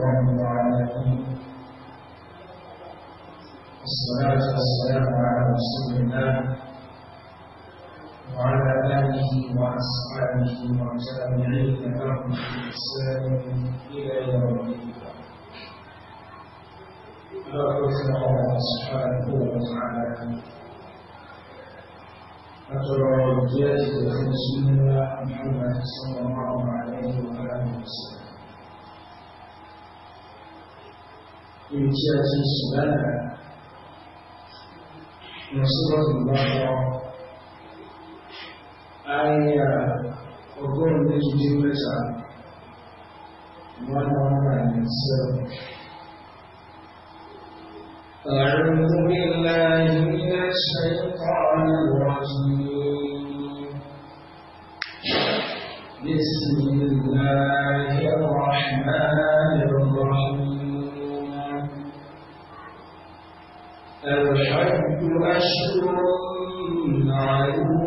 رب العالمين والصلاة والسلام على رسول الله وعلى آله وأصحابه والتابعين لهم بإحسان إلى يوم الدين الله سبحانه وتعالى أترى الجاهل في محمد صلى الله عليه وآله وسلم 因为现在是西安人，你是否怎么说？哎呀，我个人的经济非常，我当然是。أعوذ بالله من الشيطان الرجيم بسم الله واشكر عليه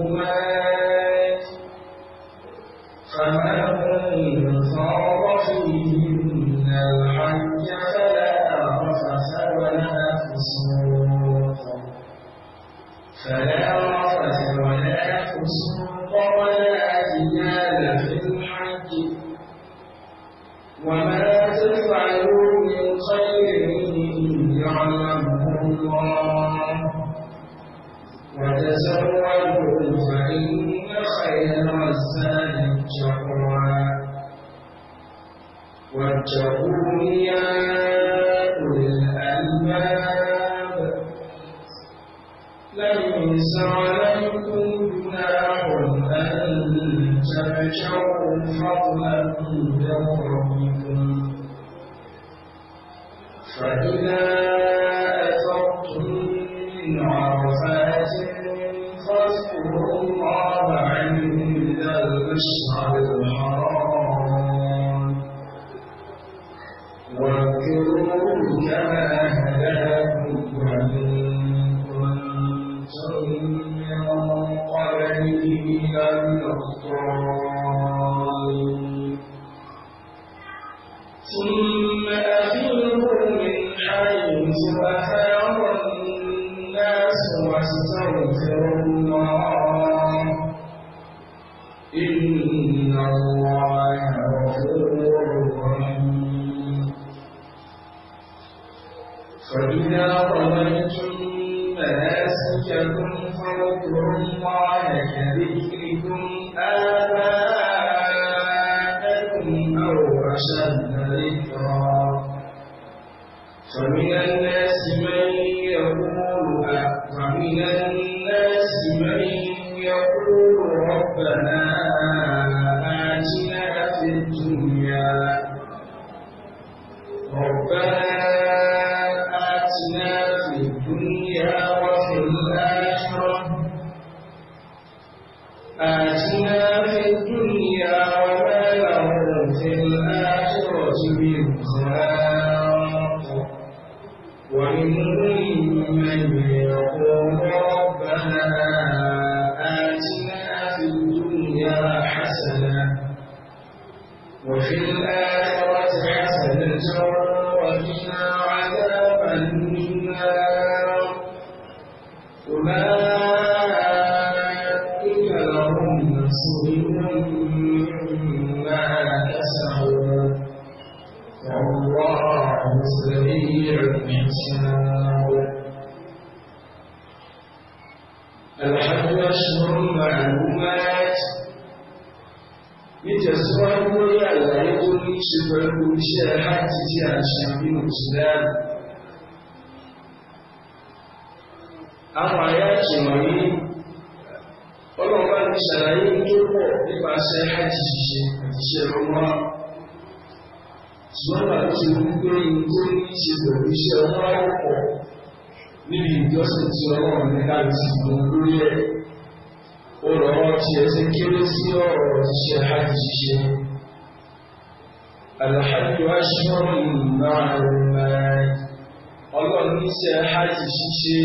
oníṣẹ́ hajj ṣíṣe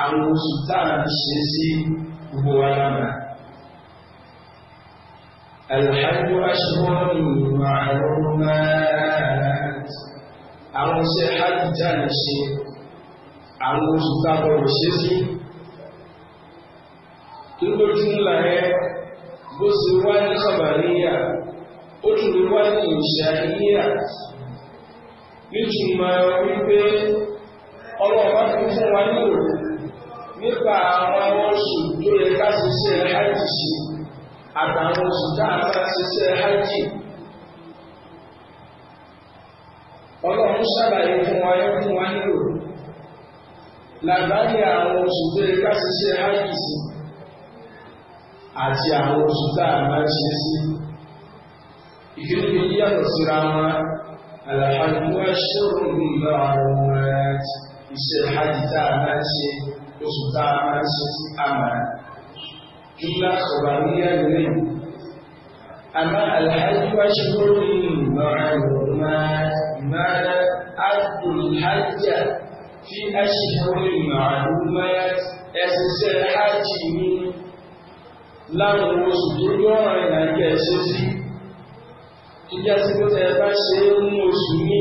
àwọn oṣù táà ń ṣe sí gbogbo wa lára. الحج أشهر معلومات àwọn iṣẹ́ hajj jáde ṣe àwọn ńlá ẹ bó ṣe wá ní kọ̀bàríyà ó tún lè wá ní ìṣàríyà nítumọ̀ wípé ọlọ́ọ̀bá fi fún wa nílò nípa àwọn oṣù tó yẹ ká ṣiṣẹ́ háìjì sí àtàwọn oṣù tá a bá ṣiṣẹ́ háìjì. ọlọ́run ṣàlàyé fún wa yẹ fún wa nílò làgbáyé àwọn oṣù tó yẹ ká ṣiṣẹ́ háìjì sí àti àwọn oṣù tá a bá ṣe sí. ìfìdí síra wọn àlàfáà ni wọ́n ṣòro iṣẹ́ hajj tá a máa ń ṣe oṣù tá a máa ń ṣe sí àmàrà jùlọ sọ̀rọ̀ nílẹ̀ nílẹ̀ àmọ́ alhaji wá ṣe lórí ìmọ̀ràn àdùnhájà fi aṣèwé ìmọ̀ràn ẹ̀sìnṣẹ́ hajj ní láwọn oṣù tó yọ̀ràn ìrìnàjò ẹ̀ṣẹ́ sí ìjásí tó tẹ̀ bá ṣe é mú oṣù ní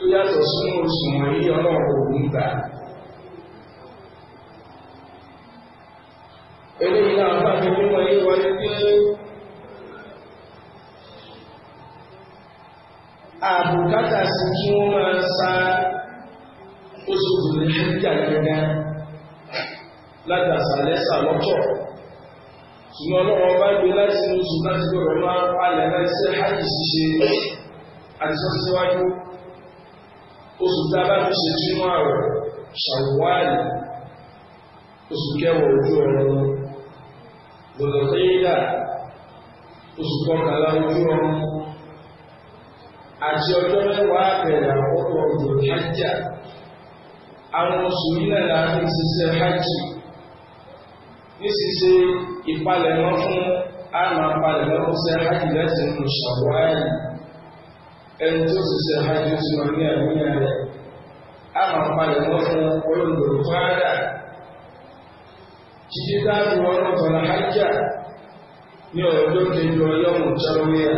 tó yàtọ̀ sínú oṣù wọ̀nyí ọlọ́run òun gbà eléyìí náà bá fi mímọ̀ yí wáyé pé àbùkátà sí kí wọ́n máa sa oṣù ìrìnàjò gẹ́gẹ́ látàsàlẹ́sà lọ́tọ̀ ṣùgbọ́n ọlọ́run bá gbé láti oṣù láti gbọ́dọ̀ máa palẹ̀ láti hajj ṣíṣe àti sọ́síwájú oṣù tá a bá fi ṣe túnú àwẹ̀ ṣàwùwáàlì oṣù kẹwàá ojú ọ̀run gbọ̀dọ̀ kéyídà oṣù kọkànlá ojú ọ̀run àti ọjọ́ mẹ́wàá bẹ̀rẹ̀ àkọ́kọ́ ọjọ́ hajjá àwọn oṣù nílẹ̀ láti ṣiṣẹ́ hajj ní ìpalẹ̀mọ́ fún àmà palẹ̀mọ́ fún ṣe lẹ́sìn ṣàwùwáàlì. ẹni tó sì ṣe hajj tí wọ́n ní àníyàn rẹ̀ a máa palẹ̀ mọ́ fún olùdókòwò fáadà títí táàbù ọ̀nà tọ̀nà hajjá ní ọ̀dọ́ kejì ọlọ́run jáwéyà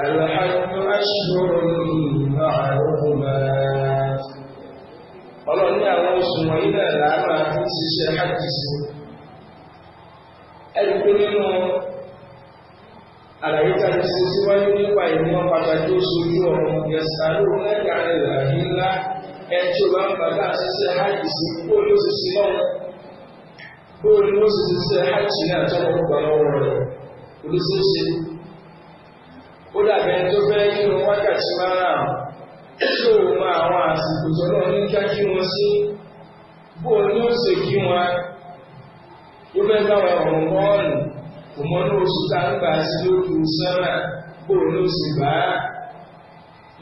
àlọ́hàjọ́ aṣíwọ́rọ̀ ní ìlú náà àlàyé tàbí ṣe síwájú nípa ìmọ̀ pàtàkì oṣooju ọ̀run yẹ̀sàlú lẹ́gàrẹ̀ ìràhí ńlá ẹjọ́ bá ń bàtà ṣiṣẹ́ hajj sí bóòlù sì sí lọ́wọ́ bóòlù ó sì ṣiṣẹ́ hajj ní àtọ́wọ́ gbà lọ́wọ́ rẹ̀ olùṣeéṣe ó dàbí ẹni tó fẹ́ kí wọn wákàtí márùn-ún tí òun mọ àwọn àsìkò tó náà ní ká òmọ́nú oṣù tá ń gbà sí lójú sánà kó ní oṣù bá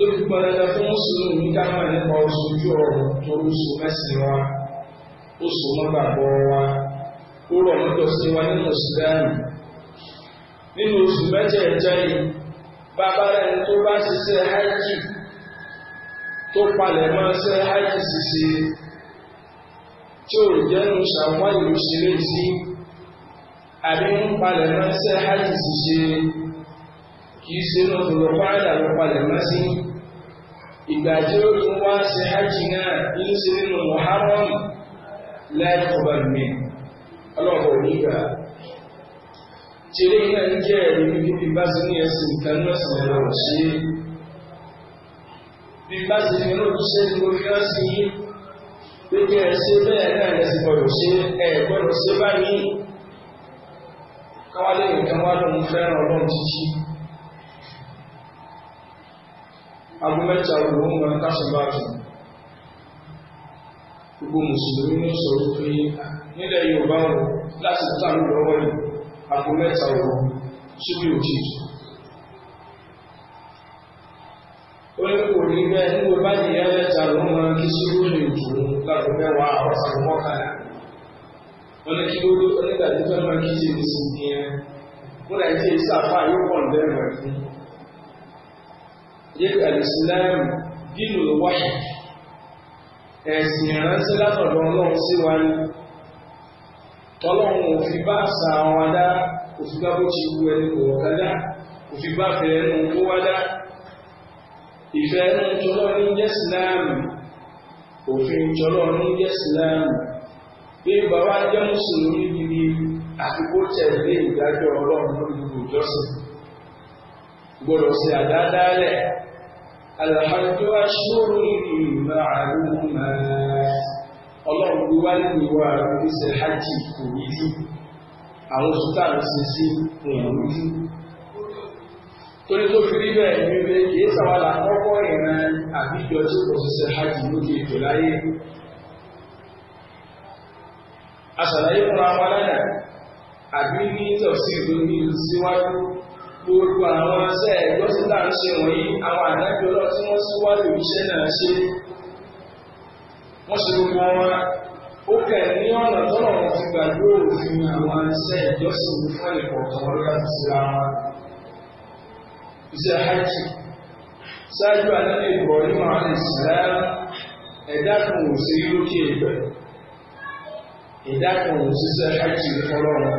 lójú pọnlẹ fún mùsùlùmí ká mọ̀ nípa oṣù ojú ọ̀run tó oṣù mẹ́sìn wa oṣù mọ́gbàgbọ́ wa ó rọ̀ mọ́tò sí wa nínú sùdánù nínú oṣù mẹ́jẹ̀ẹ̀jẹ̀ yìí bàbá rẹ̀ tó bá ṣiṣẹ́ hajj tó palẹ̀ máa ṣe hajj ṣiṣẹ́ tí ò jẹ́nu ṣàwọn ìlú ṣeré sí i àbí ń palẹ̀ mọ́sẹ́ hajj ti ṣe kìí ṣe ní ọ̀pọ̀lọpọ̀ fáàdà ló palẹ̀ mọ́sí ìgbà tí ó tún wá ṣe hajj náà inú ṣe nínú muharram láìpọ̀bà mi ọlọ́pọ̀ nígbà tìrí náà ń jẹ́ ẹ̀rí níbi bí bá sí ní ẹ̀sìn kan náà sì lọ́rọ̀ bí bá sì ní olóòṣìṣẹ́ ní orí náà sí pé kí ẹ ṣe bẹ́ẹ̀ náà lẹ́sìn gbọ́dọ̀ ṣe ẹ̀ gbọ́dọ̀ ṣe báyìí káwálé nìkan wá lóun fẹ́ràn ọlọ́run títí agbó mẹ́ta òun máa ń kásìbá jù gbogbo mùsùlùmí ní sọ̀rọ̀ pé nílẹ̀ yorùbá wọn láti tàbí lọ́wọ́ yìí agbó mẹ́ta òun síbi òjijì ó ní kò rí bẹ́ẹ̀ nígbà bá nìyẹn mẹ́ta òun máa kí síbi òjijì láti mẹ́wàá ọ̀sán mọ́kànlá wọ́n kí ló dé onígbà tí wọ́n máa kí ṣe ní sí ní ẹ wọ́n náà ṣe ìṣàfà yóò pọ̀ ní ẹ̀rọ ẹ̀fún yé alìsíláàmù dínú wáṣẹ ẹ̀sìn ìránṣẹ́ látọ̀dọ̀ ọlọ́run sí wa ni tọ́lọ́run òfin bá àṣà àwọn adá òfin bá bó ti wu ẹni kò wọ́n kádá òfin bá fẹ́ ẹnu tó wá dá ìfẹ́ ẹnu tọ́lọ́run jẹ́ síláàmù òfin tọ́lọ́run jẹ́ síláàmù bí bàbá jẹ́ mùsùlùmí gidi àfikó tẹ̀lé ìdájọ́ ọlọ́run lórí gbogbo ìjọsìn gbọdọ̀ sí àdádálẹ̀ alhamdu aṣọ́rò ìrìnà àrùnmà ọlọ́run bí wá ní ìwà àrùnṣẹ́ hajj kò rí jù àwọn sultana ṣe sí ìrìn jù torí tó fi rí bẹ́ẹ̀ ní ilé kìí sàwọn àkọ́kọ́ ìran àbíjọ tí kò ṣiṣẹ́ hajj lókè ètò aṣàlàyé fúnra wa lánàá àbí ní tọ̀sí ìròyìn síwájú gbogbo àwọn ẹsẹ̀ ẹ̀gbọ́n tí tá ń ṣe wọ̀nyí àwọn àdájọ́ náà tí wọ́n síwájú iṣẹ́ náà ṣe wọ́n ṣe gbogbo wọn ó kẹ̀ ní ọ̀nà tọ́nà wọn ti gbàgbé òfin àwọn ẹsẹ̀ ìjọsìn fún ẹ̀kọ̀ọ̀kan wọn láti síra wọn. iṣẹ́ hajj ṣáájú àdájọ́ ìbọ̀rí mọ́ ẹ̀dá kan ò sí lókè ìbẹ̀rẹ̀. ẹ̀dá kan ò ṣiṣẹ́ hajji fọlọ́run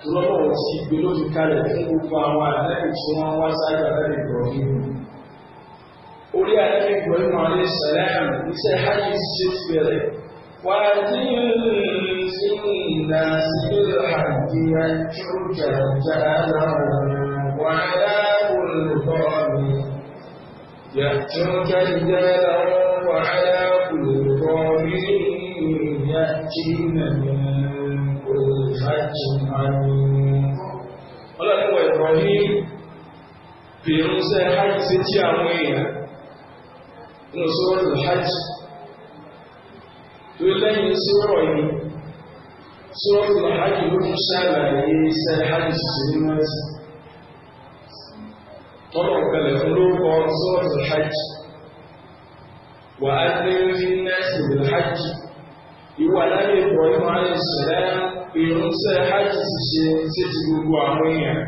tó lọ́wọ́ ti gbé lójú kalẹ̀ fún gbogbo àwọn àdáyé tí wọ́n wá sáájú àdáyé ìbọ̀fín orí àdáyé ìbọ̀fín wọn lè sàlẹ́hàn iṣẹ́ hajji ṣe ti bẹ̀rẹ̀ wà á ti sínú ìlà sílẹ̀ àti àjọjà jára wà á dáhùn lọ́wọ́ mi يأتوك رجالا وعلى كل ضامر يأتين من كل فج عميق ọlọ́run wọ Ibrahim fèrúnsẹ́ hajj sí tí àwọn èèyàn ní sọ́rọ̀ hajj tó lẹ́yìn sọ́rọ̀ yìí sọ́rọ̀ hajj ló fi ṣàlàyé sẹ́ hajj sí nínú ẹ̀sìn tọ́lọ̀ pẹ̀lẹ̀ fún lórúkọ sọ́rọ̀ hajj wà á ní fi náà sí hajj ìwà láyé ìbọ̀ ìmọ̀ ayé ìṣẹ̀lẹ̀ ìrúnṣẹ́ hajj ti ṣe sí ti gbogbo àwọn èèyàn.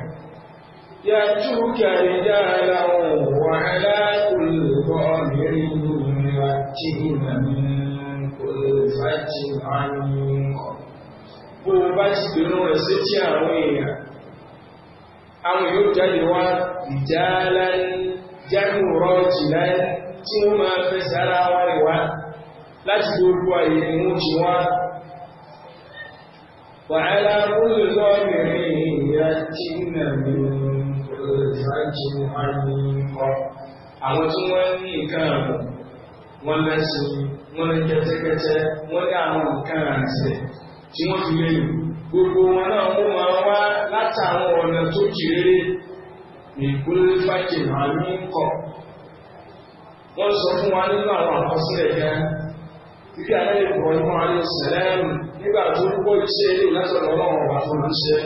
Yà tú kẹrin dára wọn wà aláìkòlùkọ́ mìíràn ìrìnà tí ìlànà olùfàjì máa ń kọ̀. Bó bá ti gbèrú rẹ̀ sí ti àwọn èèyàn, àwọn yóò jáde wá ìjálá jámù rọ́ọ̀jì láyé tí wọ́n máa fẹ́ sára wáyé wá. láti gbogbo àyè ni wọ́n wá wàhálà olùlọ ìyá tí àwọn tí wọ́n ní nǹkan ààbò wọ́n lẹ́sìn wọ́n ní kẹ́tẹ́kẹ́tẹ́ wọ́n ní àwọn nǹkan tí wọ́n fi gbogbo wọn náà máa wá látàwọn ọ̀nà tó kéré ń wọ́n sọ fún wa nínú àwọn àkọsílẹ̀ yẹn. Ibi àlẹ́ ìbọ̀lùmọ́ alẹ́ sẹ̀lẹ́m nígbà tó ń gbọ́ iṣẹ́ ilé ìlẹ́sọ̀rọ̀ ọlọ́run wà tó ń ṣe.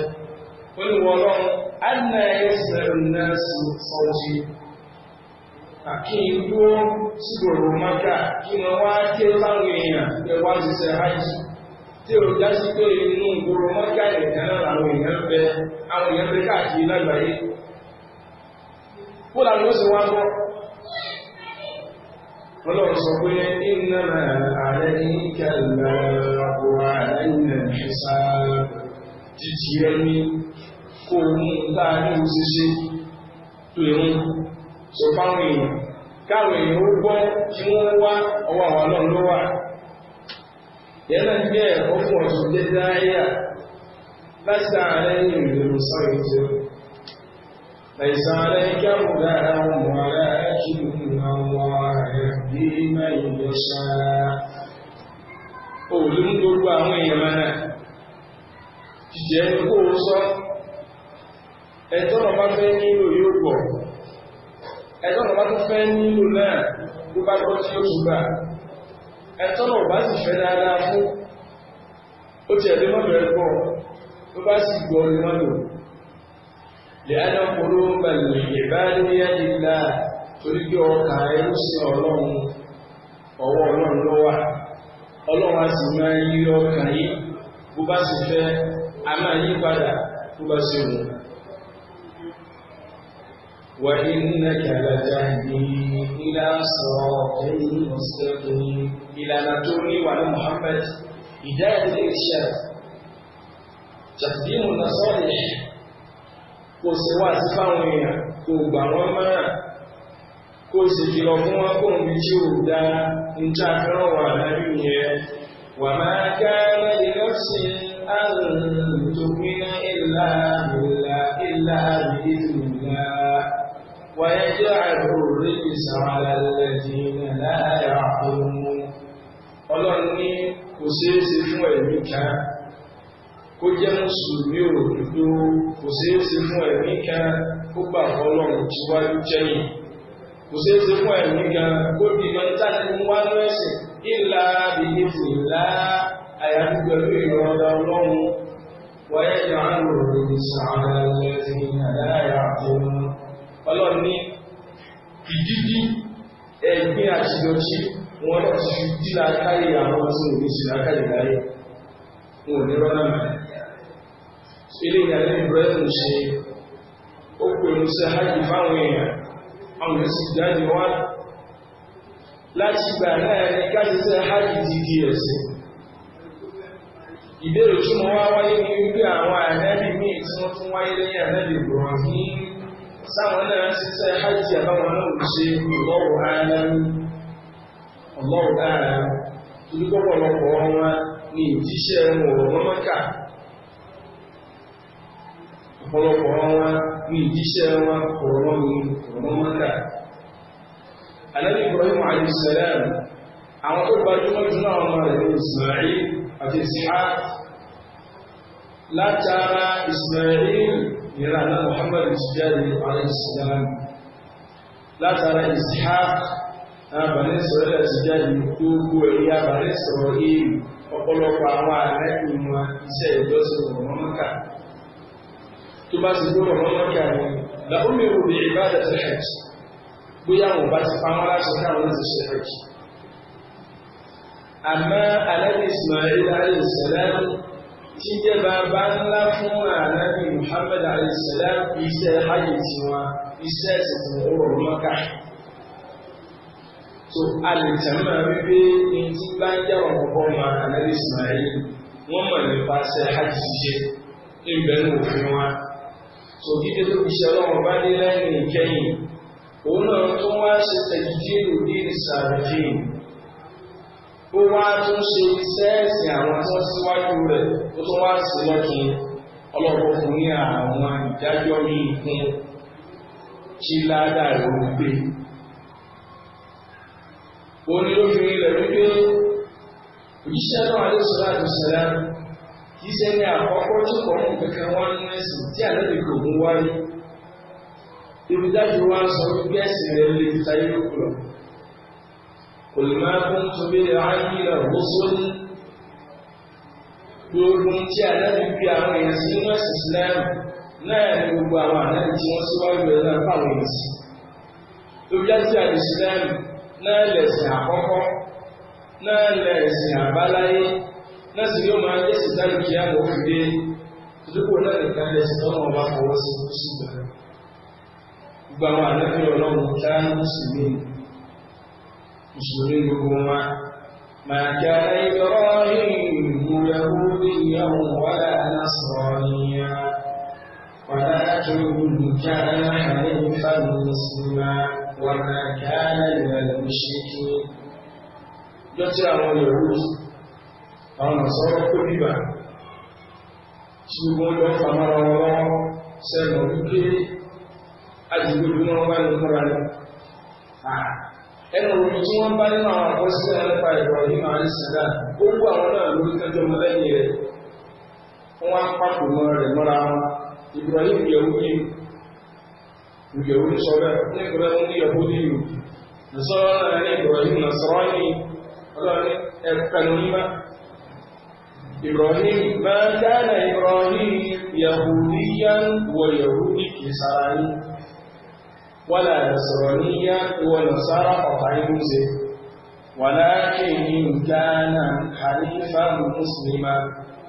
Ó ní wọ́n lọ́run, á nà ẹ́ sẹ̀rù náà kí wọ́n wá ha táwọn ọlọ́run sọ pé iná ààrẹ ní kẹlẹ̀ ọ̀pọ̀ ààrẹ ilẹ̀ ìṣẹ́sá títí ẹni kó mú láàrin òṣìṣẹ́ tó ẹ̀rùn sọ fáwọn èèyàn káwọn èèyàn ó gbọ́ tí wọ́n wá ọwọ́ àwọn ọlọ́run ló wà yẹ́nà jẹ́ ọkùnrin ọ̀sùn jẹ́ dáyà láti ààrẹ ìrìnlẹ̀ ليس عليك هداهم ولكن الله يهدي من يشاء òòlù ń gbogbo àwọn èèyàn mẹ́rin jíjẹ́ ní kó o sọ fẹ́ nílò yóò gbọ́ ẹ̀tọ́nà bá tó fẹ́ nílò náà ló bá gbọ́ tí ó tún gbà ẹ̀tọ́nà bá sì fẹ́ dáadáa fún ó ti ẹ̀dẹ́ mọ́bẹ̀rẹ̀ pọ̀ ló bá sì gbọ́ ní mọ́lò لأن قلوب العباد بيد الله torípé ọkà ẹrú sí ọlọ́run ọwọ́ ọlọ́run ló wà ọlọ́run a sì máa yí ọkà yí bó bá sì fẹ́ a máa yí padà bó bá sì mú wà nínú kàlàjà ní ilá sọ̀rọ̀ ẹ̀yìn mọ̀sẹ̀kùn ìlànà tó ní wà ní Muhammad ìdá ìdílé iṣẹ́ tàbí mọ̀nà kò sí wà sí fáwọn èèyàn kò gbà wọ́n mọ́ràn kò sì kìlọ̀ fún wọn kò ń bí tí ò dá ń já fẹ́ràn wà lábí yẹn wà máa ká lẹ́yìn lọ́sí àrùn tòmínà ìlà ìlà ìlà ìlà ويجعل الرجس على kó jẹ́ mùsùlùmí ò ló kò sí ó sí fún ẹ̀mí kan kó gbà fọ́lọ́run síwájú jẹ́yìn kò sí ó sí fún ẹ̀mí kan kó di mọ́tàlẹ́ wánú ẹ̀sìn ìlà ìdíje ìlà àyàdúgbò ní ìrọ̀lá ọlọ́run wáyé ìdáhùn òròyìn sàárà lẹ́sìn àdáyà àtọ́run ọlọ́run ti fi dí lákàyè àwọn tí ò ní sí lákàyè láyé wọn ní rọ́nà mẹ́rin ilé ìdàlẹ́ ìbúrẹ́tù ṣe ó pèrú sí aláàjì fáwọn èèyàn àwọn èèyàn sì jáde wá láti gbà náà ní káṣíṣẹ́ hajji ti di ẹ̀sìn ìbéèrè tí mo wá wáyé ní wípé àwọn ànábì míì tí wọ́n tún wáyé lẹ́yìn ànábì ìbùrọ̀ ní sáwọn náà ṣiṣẹ́ hajji ọ̀pọ̀lọpọ̀ wọn ní ìjíṣẹ́ wọn ọ̀rọ̀ ní ọ̀rọ̀ mọ́ta alẹ́bí Ibrahim alìsẹ̀lẹ́m àwọn tó gbajúmọ̀ jù náà wọn rẹ̀ ní Ismail àti Ishaq látara Ismail ìrànà Muhammad ìtìjáde alìsẹ̀lẹ́m látara Ishaq àbàní sọ̀rọ̀ ìtìjáde gbogbo ẹ̀rí àbàní sọ̀rọ̀ ìlú àwọn àrẹ́kùnrin wọn iṣẹ́ ìjọsìn ọ̀rọ̀ mọ́ta tó bá ti gbọ́rọ̀ wọn lọ́kẹ́ àwọn la ó mèrò bí ìbáda ti hajj bóyá wọn bá ti pamọ́ láti ká àwọn ti ṣe hajj. àmọ́ alábi ismail alayhisalaam tí jẹ́ bàbá ńlá fún alábi muhammad alayhisalaam iṣẹ́ hajj tiwọn iṣẹ́ ẹ̀sìn tí wọ́n lọ́kà so alìtẹ̀mọ́ wípé ní tí bá ń yà wọn kọ́kọ́ ma anábì Ismail wọ́n mọ̀ nípa hajj ṣiṣẹ́ ìbẹ̀rù òfin wa sòdídé tó fi ṣe ọlọ́run bá dé lẹ́yìn ìkẹyìn òun náà tó wá ṣe tẹ̀jíjé òdí ìsàrẹ̀jì ó wá tún ṣe sẹ́ẹ̀sì àwọn tó síwájú rẹ̀ tó tún wá sí lọ́tún ọlọ́run fún ní àwọn ìdájọ́ míì fún tí ládàá rẹ̀ ó gbé òun ni fi rí rẹ̀ wípé òjíṣẹ́ náà alẹ́ sọ́lá àti sẹ́lá kìí ṣe ní àkọ́kọ́ tí kò mú kankan wá nínú ẹ̀sìn tí àlejò kò mú wáyé ibi dájú wa ń sọ wípé ẹ̀sìn rẹ̀ lè fi tayé lóko lọ kò lè máa kún tóbi rẹ̀ á yí rẹ̀ wó sóní gbogbo tí àlejò fi àwọn èèyàn sí inú ẹ̀sìn Islam náà ní gbogbo àwọn àlejò tí wọ́n síwájú rẹ̀ náà fáwọn èèyàn sí ibi dájú àlejò Islam náà lẹ̀sìn àkọ́kọ́ náà lẹ̀sìn àbáláyé náà sì yóò máa jẹ́ sìtáì kí á mọ̀ ó fi dé ìdókòwò náà nìkan lẹ̀ sí ọba fọwọ́ sí kú sí gbogbo àwọn àlẹ́bí ọlọ́run táyé mùsùlùmí mùsùlùmí gbogbo wọn ما كان إبراهيم يهوديا ولا نصرانيا ولكن كان حنيفا مسلما وما كان من المشركين àwọn àsọ́rọ̀ kó bíbà tí gbogbo lọ fàmọ́ra wọn sẹ́nà wípé àdìgbòdú náà wà ní múra lọ. ẹnu omi tí wọ́n bá nínú àwọn àkọsílẹ̀ nípa ìwà yìí máa ń sìn náà gbogbo àwọn náà ló ń tẹ́jọ́ mọ́ lẹ́yìn rẹ̀ wọ́n á pàpò mọ́ rẹ̀ mọ́ra wọn Ibrahim yẹ̀wò yìí yẹ̀wò sọ bẹ́ẹ̀ ní ìgbẹ́ ń yẹ̀wò yìí nìsọ́rọ́ náà ní Ibrahim nà sọ́rọ́ yìí ọlọ́ni ẹ̀pẹ̀lú mímá إبراهيم ما كان إبراهيم يهوديا ويهودي كسراني ولا نصرانيا ونصارى قطعي موسي ولكن إن كان حنيفا مسلما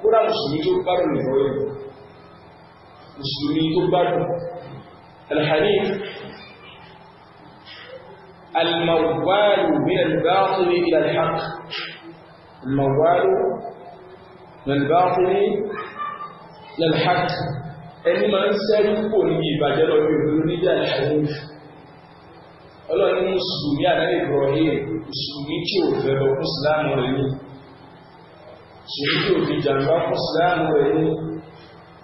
كنا مسلمي كبار من رؤيه مسلمي كبار الحنيف الموال من الباطل الى الحق الموال lẹ́lbáfún lẹ́lhàt ẹni máa ń sẹ́rí pò níbi ìbàjẹ́ lọ bí òun níbi àṣàwọ̀ oṣù ọlọ́ni mùsùlùmí àdáyé ìrọ̀lẹ́ mùsùlùmí tí ò fẹ́ lọ fún síláàmù rẹ̀ ní mùsùlùmí tí ò fi jàǹbá fún síláàmù rẹ̀ ní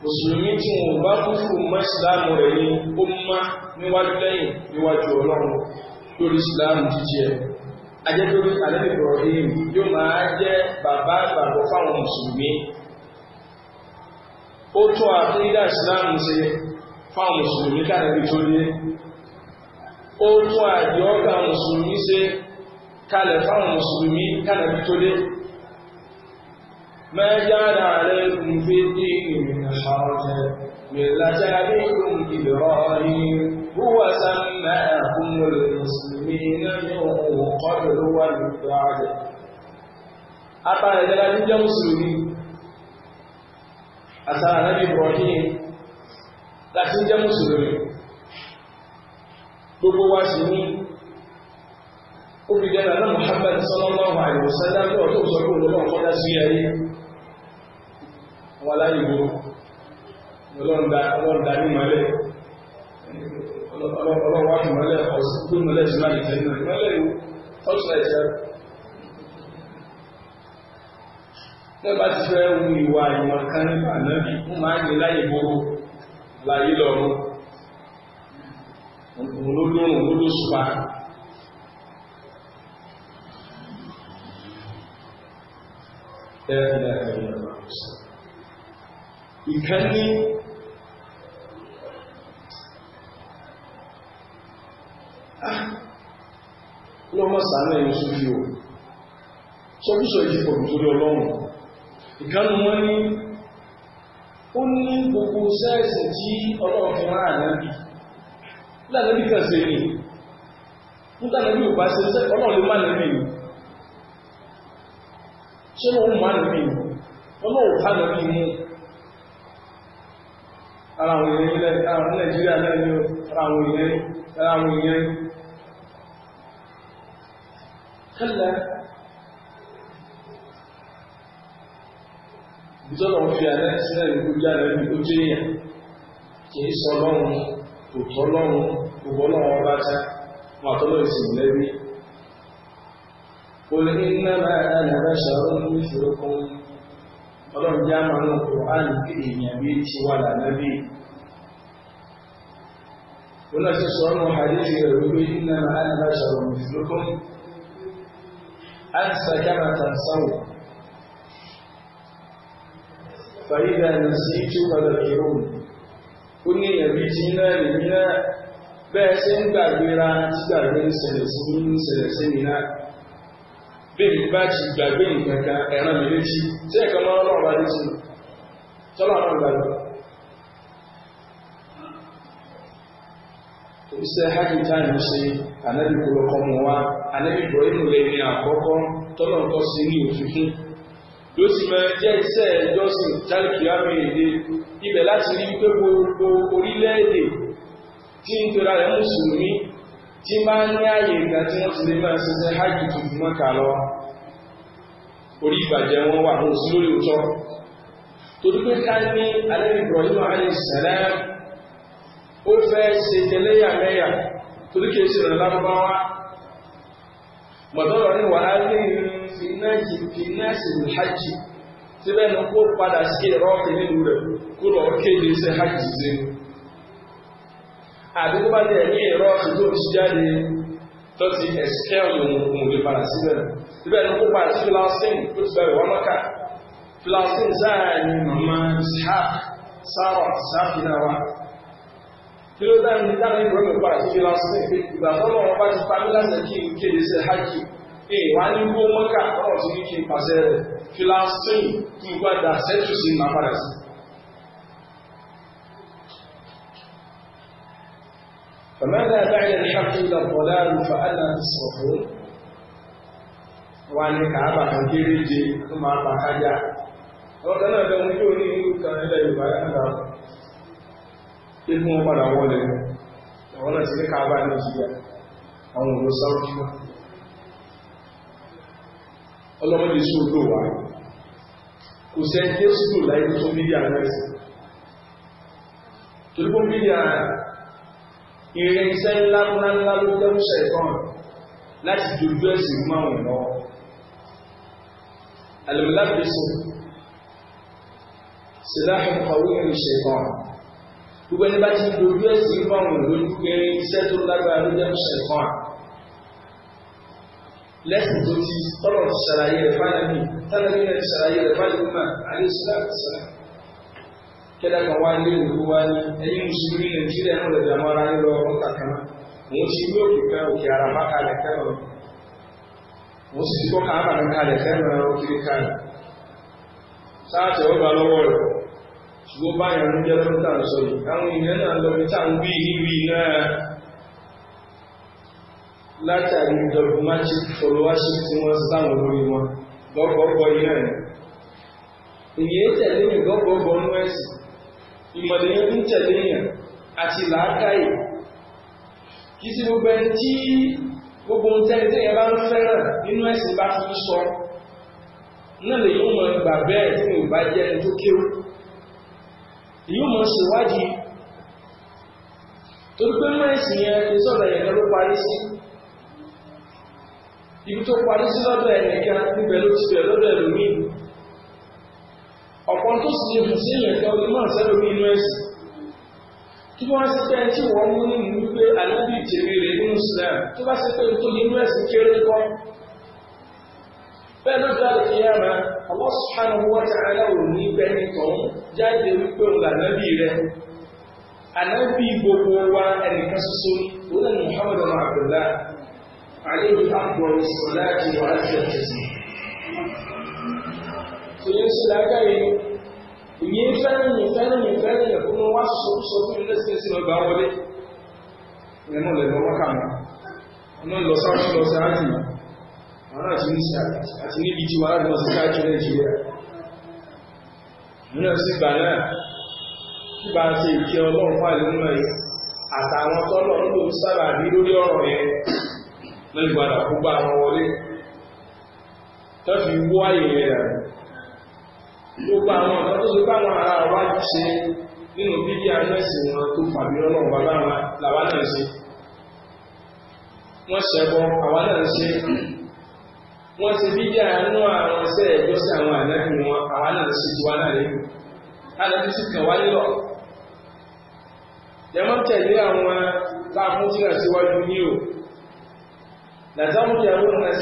mùsùlùmí tí wọn bá kú fún mọ́ síláàmù rẹ̀ ní ó má níwájú lẹ́yìn níwájú ọlọ́run lórí síláàmù jíjẹ ajẹ́gbẹ́rí alẹ́bí Ibrahim yóò máa jẹ́ bàbá àgbàgbọ́ fáwọn mùsùlùmí ó tún àkídà ìsìláàmù ṣe fáwọn mùsùlùmí kálẹ̀bí tó dé ó tún àjọ́gbà mùsùlùmí ṣe kalẹ̀ fáwọn mùsùlùmí kálẹ̀bí tó dé mẹ́jára rẹ̀ ń fi dí ìrìnà àwọn ọ̀rẹ́ هو سماكم المسلمين من قبل والبعد أبا جلال جل مسلمين أسأل النبي إبراهيم لكن جل مسلمين gbogbo wa sì ní obìnrin àná Muhammad sallallahu alaihi wasallam ní ọdún sọ pé olóòrùn kọ́dá sí ayé wọn láyé wo olóòrùn dá ní ọlọ́wọ́ wá ìmọ̀lẹ́ ọ̀sùn tó mọ̀lẹ́ ìṣúná ìjẹ́ náà ìmọ̀lẹ́ ìwò ọ̀ṣọ́ ìjẹ́ tẹ́ bá ti fẹ́ wu ìwà ìwọ̀n kan nípa náàbì fún máa ń gbé láyé lọ́mọ̀ sàánà yóò sún fí o sọ́bùsọ yìí pọ̀ nítorí ọlọ́run ìkánu wọn ní ó ní gbogbo sẹ́ẹ̀sì tí ọlọ́run fi rán ànábì lánàbì kan ṣe ní nítànàbì ò bá ṣe ṣe ọlọ́run lè má nàbì ni ṣé wọ́n má nàbì ni ọlọ́run ká nàbì mú ara àwọn èèyàn ilẹ̀ ara Nàìjíríà náà ni ara àwọn èèyàn ara àwọn èèyàn كلا بتقول في أنا سنة يقول جانا يقول جنيا كي صلون وطلون وبلون وباتا وطلون سنبي قل إنما أنا بشر مثلكم ọlọ́run já máa ń kùrán kí èèyàn bí ti wà lànàbí wọ́n náà ti sọ ọ́nà àdéhùn ẹ̀rọ pé nínú àlàbàṣà ọ̀rọ̀ ìfúrúkún أنسى كما تنسون فإذا نسيت فذكرون كل يبيتنا لمنا بأسن كبيرا تدرين سلسلين سلسلين bẹ́ẹ̀ni bá ti gbàgbé nǹkankan ẹ̀ràn mi létí tí ẹ̀kọ́ máa ń lọ́wọ́ adé sí tọ́lá náà gbàgbọ́. iṣẹ́ hákìtá ìlú ṣe ànábì Ibrahim lẹ́ni àkọ́kọ́ tọ́lọ̀ tó sí ní òfin fún ló sì máa jẹ́ iṣẹ́ ìjọsìn jákèjì àmì èdè ibẹ̀ láti rí pé gbogbo orílẹ̀-èdè tí ń pera rẹ̀ mùsùlùmí tí máa ń ní ààyè ìgbà tí wọ́n ti lè máa ṣiṣẹ́ hajj tuntun mọ́kà lọ orí ìbàjẹ́ wọn wà ní òsì lórí òótọ́ torí pé ká ní ànábì Ibrahim alayhi salam ó fẹ́ ṣe tẹlẹ́yàmẹ́yà torí kìí ṣe ìrànlọ́wọ́ mọ̀tọ́rọ̀ ní wàhálì fìnẹ́sì hajj síbẹ̀ ní kó padà sí ìrọ́ọ̀kì nínú rẹ̀ kó lọ kéde sí hajj sí àbí kó bá tẹ̀ ní ìrọ́ọ̀kì tó ti jáde tó ti ẹ̀skẹ́ọ̀lù òun lè padà síbẹ̀ síbẹ̀ ní kó padà sí filasin tó ti bẹ̀rẹ̀ wọ́n filasin sáà ni mama ishaq sarah sáfìnà wa kí ló dá ní dáná ìwé mi padà síbi lásán pé ìgbà tọ́lọ̀ wọn bá ti parí lásán kí kéde sí hajj pé wàá ní gbó mọ́kà ọ̀rọ̀ tí kí pàṣẹ rẹ̀ filastin kí n gbàdá sẹ́tù sí máa padà sí. فماذا بعد الحق إلى الضلال فأنا تصرفون وأن كعبة كبيرة ثم أبا حاجة وكان هذا مجوني كان إلى يبايع pé fún wọn padà wọlé àwọn náà ti ní káàbà nàìjíríà àwọn òun sáwọ́kí wọn ọlọ́mọdé sí odò wà kò sẹ́ jésù láì tó mídíà mẹ́sì tó lókún mídíà ìrìn iṣẹ́ ńlá ńlá ló dẹ́rù ṣẹ̀tàn láti dojú ẹ̀sìn máa wọ̀n lọ alùlábẹ́sùn síláhùn kọ̀wé ìrìn ṣẹ̀tàn gbogbo ẹni bá ti dojú ẹ̀sìn fáwọn lójú pé iṣẹ́ tó lágbára ló jẹ́ ṣẹ̀ fún wa lẹ́sìn tó ti tọ́lọ̀ ti ṣàlàyé rẹ̀ fáyàmì tánàbí rẹ̀ ti ṣàlàyé rẹ̀ fáyàmì mà àdéṣùláàtìṣàlá kẹ́dà kan wá ní òkú wá ní ẹ̀yìn mùsùlùmí nàìjíríà náà lọ́dọ̀ àwọn ará nílò ọ̀rọ̀ kàkàmá òun ti rí òkè kan òkè ara bá kalẹ̀ fẹ́ràn òun sì kọ́ kàábà kan kalẹ̀ fẹ́ràn òkè kan sáà tẹ̀wọ́ bá lọ́wọ́ rẹ̀ ṣùgbọ́n báyà ń jẹ́ tó tàn sọ yìí àwọn èèyàn náà lọ bí tàn wí níbi náà látàrí dogmatic followership tí wọ́n sáwọn lórí wọn gbọ́gbọ́gbọ́ iná ẹ̀ èyí tẹ̀lé yẹn gbọ́gbọ́gbọ́ nú ẹ̀sìn ìmọ̀lẹ̀ yẹn tún tẹ̀lé yẹn àti làákàyè kì í sí gbogbo ẹni tí gbogbo ohun tẹ́ni tí yóò mọ̀ síwádìí torí pé mọ́ ẹ̀sìn yẹn ti sọ̀rọ̀ ẹ̀yẹ̀kan ló parí sí ibi tó parí sí lọ́dọ̀ ẹ̀yẹ̀kan níbẹ̀ ló ti bẹ̀rẹ̀ lọ́dọ̀ ẹ̀lòmíì ọ̀pọ̀ tó sì lè hù sí ẹ̀yẹ̀kan ló máa sẹ́lòmí inú ẹ̀sìn tí wọ́n sì pẹ́ tí wọ́n mú nínú wípé àlọ́bì ìtẹ̀rí rẹ̀ nínú Islam tó bá sì pé tó inú ẹ̀sìn kéré kọ́ bẹ́ẹ̀ lọ́dọ̀ àlùkìyàmá Allah subhanahu wa ta'ala ò ní bẹ́ni tọ̀hún jáde wípé òun lànàbí rẹ̀ ànábì gbogbo wa ẹnìkan ṣoṣo òun náà Muhammad ọmọ Abdullah alayhi afọ ìsọlá àti wàhálà tẹsí. Tòyẹ́ sọlá káyé ìyẹn fẹ́ràn yìí fẹ́ràn àwọn Tunisia àti níbi tí wàhálà lọ sí káàkiri Nàìjíríà nínú sí ìgbà náà kí bá ṣe ìkẹ́ ọlọ́run wà nínú ẹ̀ àtàwọn tọ́lọ̀ ń lò sábà rí lórí ọ̀rọ̀ yẹn lórí padà kó gbá wọn wọlé tó fi wó àyè yẹn rẹ̀ gbogbo àwọn ọ̀dọ́ tó ṣe báwọn ará wa ṣe nínú bíbí anẹ́sì wọn tó fàbí ọlọ́run bàbá wọn làwa náà ṣe wọ́n ṣẹ́gun àwa náà ṣe wọ́n ti bí díà nínú àwọn iṣẹ́ ẹ̀jọ́ sí àwọn ànábì wọn àwọn náà sì ti wá náà lẹ́yìn ànábì sì kàn wá nílọ. yàmọ́ tẹ̀lé àwọn láàmú tí wọ́n síwájú ní o لترجع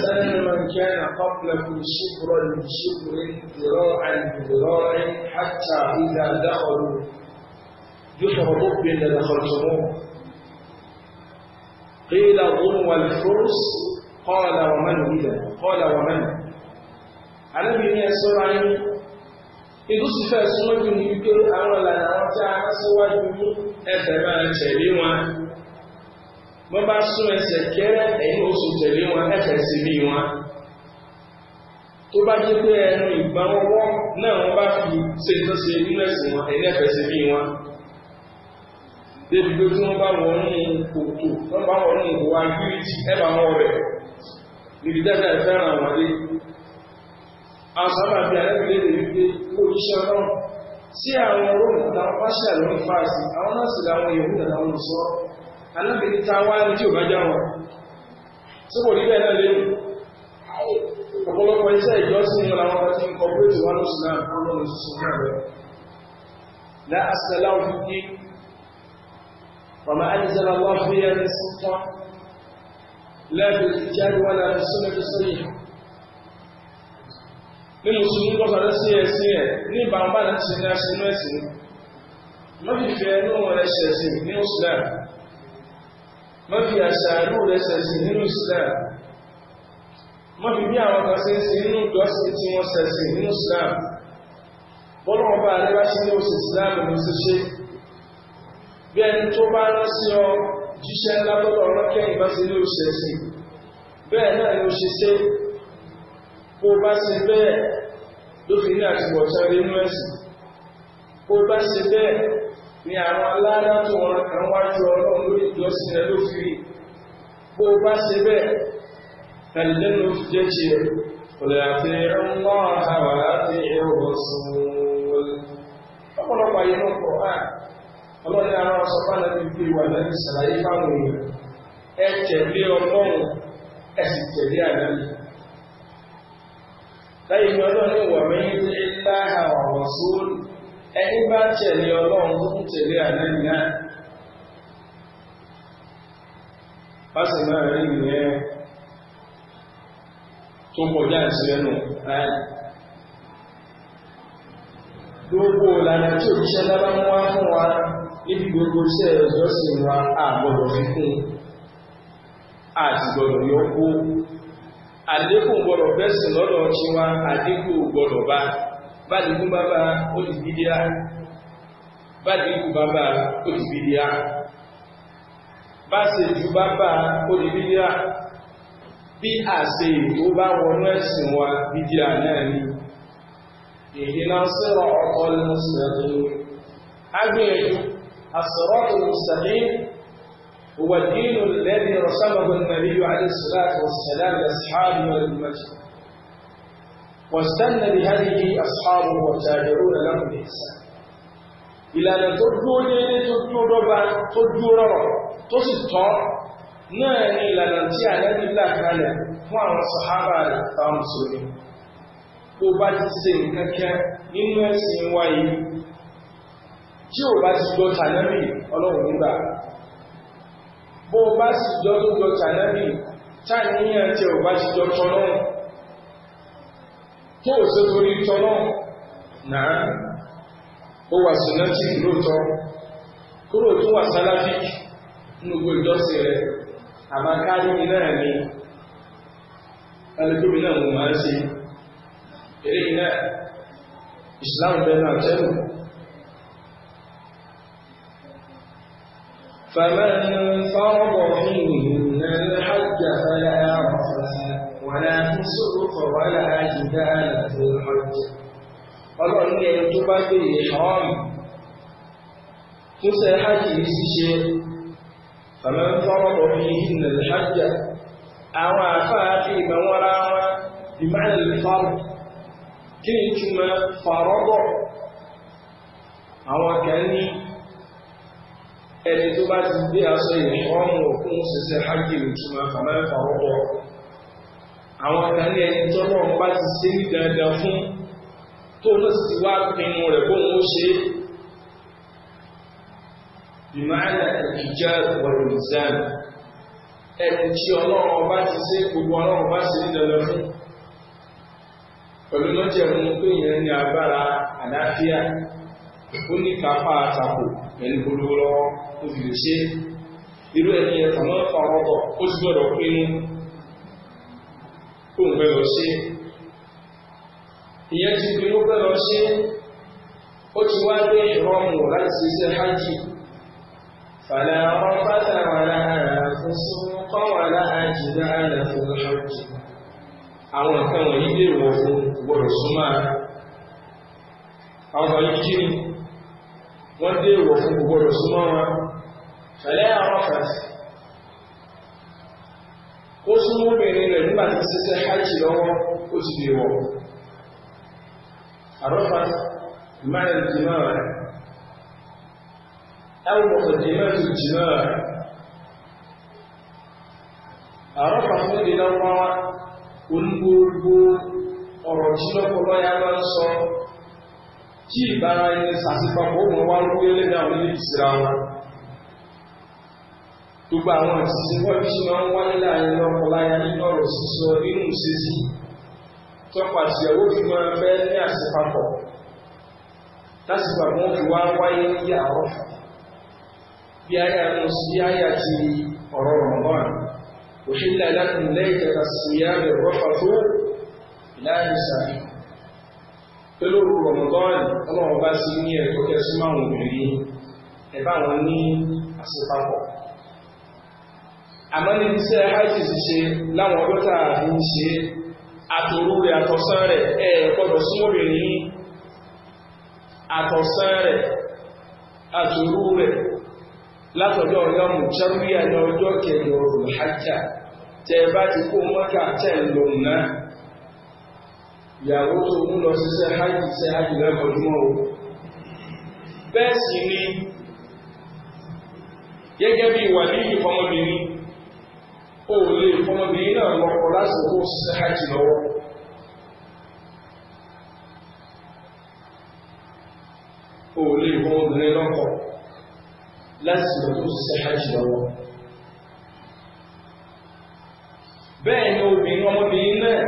سنة من كان قبلكم شبرا بشبر ذراعا بذراع حتى إذا دخلوا جحر رب لدخلتموه قيل الظلم والفرس قال ومن إذا kọ́lá wà mẹ́rin àdébìnrin ní ẹ̀sọ́ ra yín ìlú sì fẹ́ súnmọ́jú ní wípé àwọn ìlànà àwọn tí a rán síwájú ní ẹsẹ̀ máa tẹ̀lé wọn wọ́n bá sún ẹsẹ̀ kẹ́rẹ́ ẹ̀yìn oṣù tẹ̀lé wọn ẹsẹ̀ sí ní wọn tó bá jẹ́ pé ẹnu ìgbàwọ́wọ́ náà wọ́n bá fi ṣe ìtọ́sẹ̀ nínú ẹ̀sìn wọn ẹ̀yìn ẹ̀fẹ̀ sí ní wọn débi pé tí wọ́n bá wọ́n ní kòtò wọ́n bá wọ́n ní ìwà gíríjì ẹ̀ bá wọ́n níbi dẹ́fẹ́ fẹ́ràn wọlé àṣàbà bí arẹ́bìnrin lè wípé kó iṣẹ́ náà sí àwọn róòmù táwọn pàṣẹ ló ń fàásì àwọn náà sì láwọn yòówù náà láwọn sọ alábìnrin ta wá ní tí ò bá لا أسأل الله وما أنزل الله فيها من لا بالكتاب ولا بالسنة الصحيحة ní mùsùlùmí gbọ́sọ̀rọ̀ sí ẹ̀sìn ẹ̀ ní ìbàmbá náà ti ní aṣínú ẹ̀sìn mọ́fífẹ́ ẹnú rẹ̀ ṣẹ̀sìn ní islam mọ́fí àṣà ẹnú rẹ̀ ṣẹ̀sìn nínú islam mọ́fí bí àwọn kan ṣe ń sin inú ìjọsìn tí wọ́n ṣẹ̀sìn nínú islam bọ́lọ́wọ́ bá rẹ̀ bá ṣe ní oṣù islam ló ti ṣe bí ẹni tó bá rán sí ọ jíṣẹ́ ńlá tọ́lọ̀ ọlọ́kẹ́yìn bá ṣe ní òṣìṣẹ́ sí bẹ́ẹ̀ náà ni ó ṣe ṣe kó bá ṣe bẹ́ẹ̀ ló fi ní àtìwọ̀ sáré inú ẹ̀sìn kó bá ṣe bẹ́ẹ̀ ni àwọn aláàdá tó wọn kàn wájú ọlọ́run lórí ìjọsìn rẹ ló fi rí kó bá ṣe bẹ́ẹ̀ ẹ̀lẹ́nu fi jẹ́ tiẹ̀ ọ̀lẹ́ àti ẹ̀rọ ọ̀pọ̀lọpọ̀ àyẹ̀wò kọ̀ọ̀án ọlọ́rin ara ọ̀sọ́pá lẹ́bí pé wà lẹ́bí sàlàyé fáwọn èèyàn ẹ tẹ̀lé ọlọ́run ẹ sì tẹ̀lé àdáni lẹ́yìn ní ọlọ́rin wà mẹ́yìn ní láhà ọ̀rọ̀ sóòlù ẹni bá tẹ̀lé ọlọ́run tó ń tẹ̀lé àdáni náà pásẹ̀ náà rí ìlànà tí òṣìṣẹ́ lábá ń wá fún wa níbi gbogbo iṣẹ́ ọjọ́ sí wa àgbọ̀dọ̀ fífún àti gbọ̀dọ̀ yọkó àdínkù gbọ̀dọ̀ bẹ́sì lọ́dọ̀ tí wa àdínkù gbọ̀dọ̀ bá bádìkú bábá ó ti bí díá bádìkú bábá ó ti bí díá bá ṣe jù bábá ó ti bí díá bí àṣẹ ètò bá wọnú ẹ̀sìn wa bí díá náà ni ìdínà sẹ́rọ̀ ọkọ̀ lọ́sẹ̀rọ̀ agbẹ̀yẹ̀jú الصراط المستقيم هو الدين الذي رسمه النبي عليه الصلاة والسلام لأصحابه وللأمته واستنى بهذه أصحابه وتابعون لهم بإحسان إلى أن تردوا لي تردوا تردوا تردوا ناني لننتي على نبي الله تعالى مع الصحابة على قام سوري وبعد السن كان إنه وين tí ò bá ti jọ tànẹ́bì ọlọ́run nígbà bó bá sì jọ tó jọ tànẹ́bì táníyàn tí ò bá ti jọ tọ́nà tó ò sí torí tọ́nà náà ó wà sùnẹ́tì lóòótọ́ kúrò tó wà sálàfík nínú gbogbo ìjọsìn rẹ̀ àbákárí mi náà ni alùpùpù náà mo máa ń ṣe eré náà ìsìláàmù bẹ́ẹ̀ náà tẹ́lẹ̀ فمن فرض فيهن الحج فلا رفث ولا فسوق ولا جدال في الحج ọlọ́run ní ẹni tó bá gbèrè ṣọ́ọ̀mù tó ṣe hajj ṣíṣe ọ̀nà tọ́rọ̀ ìhìn hajj àwọn àfáà ti ìmọ̀wọ́ra wọn ìmáàlì fárọ̀ kí ni túmọ̀ fàrọ́bọ̀ àwọn kan ní ẹni tó bá ti gbé aṣọ ìrìn ọmọ òkun ṣiṣẹ́ hajj ìtumọ̀ fàmà ìfàwọ́pọ̀ àwọn kan ní ẹni tó náà bá ti ṣe ní dandan fún tó náà sì wá pinnu rẹ̀ bóun ó ṣe é bìmáàlà ìjà wọ̀rọ̀ ìzán ẹni tí ọlọ́run ọba ti ṣe gbogbo ọlọ́run ọba ṣe ní dandan fún pẹ̀lú lọ́jẹ̀ mú pé ìyẹn ní agbára àlàáfíà ó ní kápá àtakò pẹ̀lú gbogbo lọ́wọ́ ó fi lè ṣe irú ẹni ẹ̀tàmọ́ farọ́bọ̀ ó ti gbọ́dọ̀ pinnu kó ń fẹ́ lọ ṣe ìyẹn ti pinnu fẹ́ lọ ṣe ó ti wá dé ìrọ̀mù láti ṣiṣẹ́ hajj فلا رفث ولا فسوق ولا جدال في الحج àwọn nǹkan wọ̀nyí lè wọ̀ fún gbọ́dọ̀ súnmọ́ ara àwọn ọ̀yí kí ni wọ́n fún gbọ́dọ̀ súnmọ́ wọn fẹ̀lẹ́ arọ́fẹ̀s ó súnmọ́ obìnrin rẹ̀ nígbà tí ṣiṣẹ́ hajj lọ́wọ́ ó ti dè wọ̀ arọ́fẹ̀s máa ń jìmọ̀ rẹ̀ ẹ̀wọ̀n ọ̀dìmọ̀ tó jìmọ̀ rẹ̀ arọ́fẹ̀s ní ìdílọ́wọ́ onígbogbo ọ̀rọ̀ tí lọ́pọ̀lọ́ ya máa ń sọ tí ìbára ẹni sàṣìpapọ̀ ó mọ̀ wá lórí ẹlẹ́dàá onílé ìsira gbogbo àwọn àtìsí wọ́n bí ṣe máa ń wáyé láàrin ọkọláya nínú ọ̀rọ̀ sísọ nínú ìṣesí tọ́pọ àtìyàwó fi máa fẹ́ ní àsìpapọ̀ lásìkò àwọn òkè wá wáyé ní yàrá bí ayé àwọn sí ayé àti ọ̀rọ̀ rọ̀mọ́à òṣèlú aláàkùn lẹ́yìn tẹ̀ka sí yàrá rọ́fà tó láàrin sàmì pẹ̀lú rọ̀mọ́dọ́ọ̀nì ọlọ́run bá sí ní ẹ̀kọ́ kẹsí máa wọ̀n ní ẹ̀bá wọn ní àsìpapọ̀ àmọ́ ní iṣẹ́ hajji ṣiṣe láwọn ọdún a ṣe àtòrú rẹ̀ àtọ̀sán rẹ̀ ẹ̀ gbọ́dọ̀ súnmọ́bìnrin àtọ̀sán rẹ̀ rẹ̀ ní ọjọ́ kẹjọ ọ̀rùn tẹ bá ti kó mọ́kà tẹ̀ lòmùná ìyàwó tó mú lọ síṣẹ́ hajji ṣe o bẹ́ẹ̀ sì ni gẹ́gẹ́ o lè fọmọbìnrin náà lọ́kọ̀ lásìkò sẹ́hàjì lọ́wọ́ o lè fọmọbìnrin lọ́kọ̀ lásìkò tó sẹ́hàjì lọ́wọ́ bẹ́ẹ̀ ni obìnrin ọmọbìnrin náà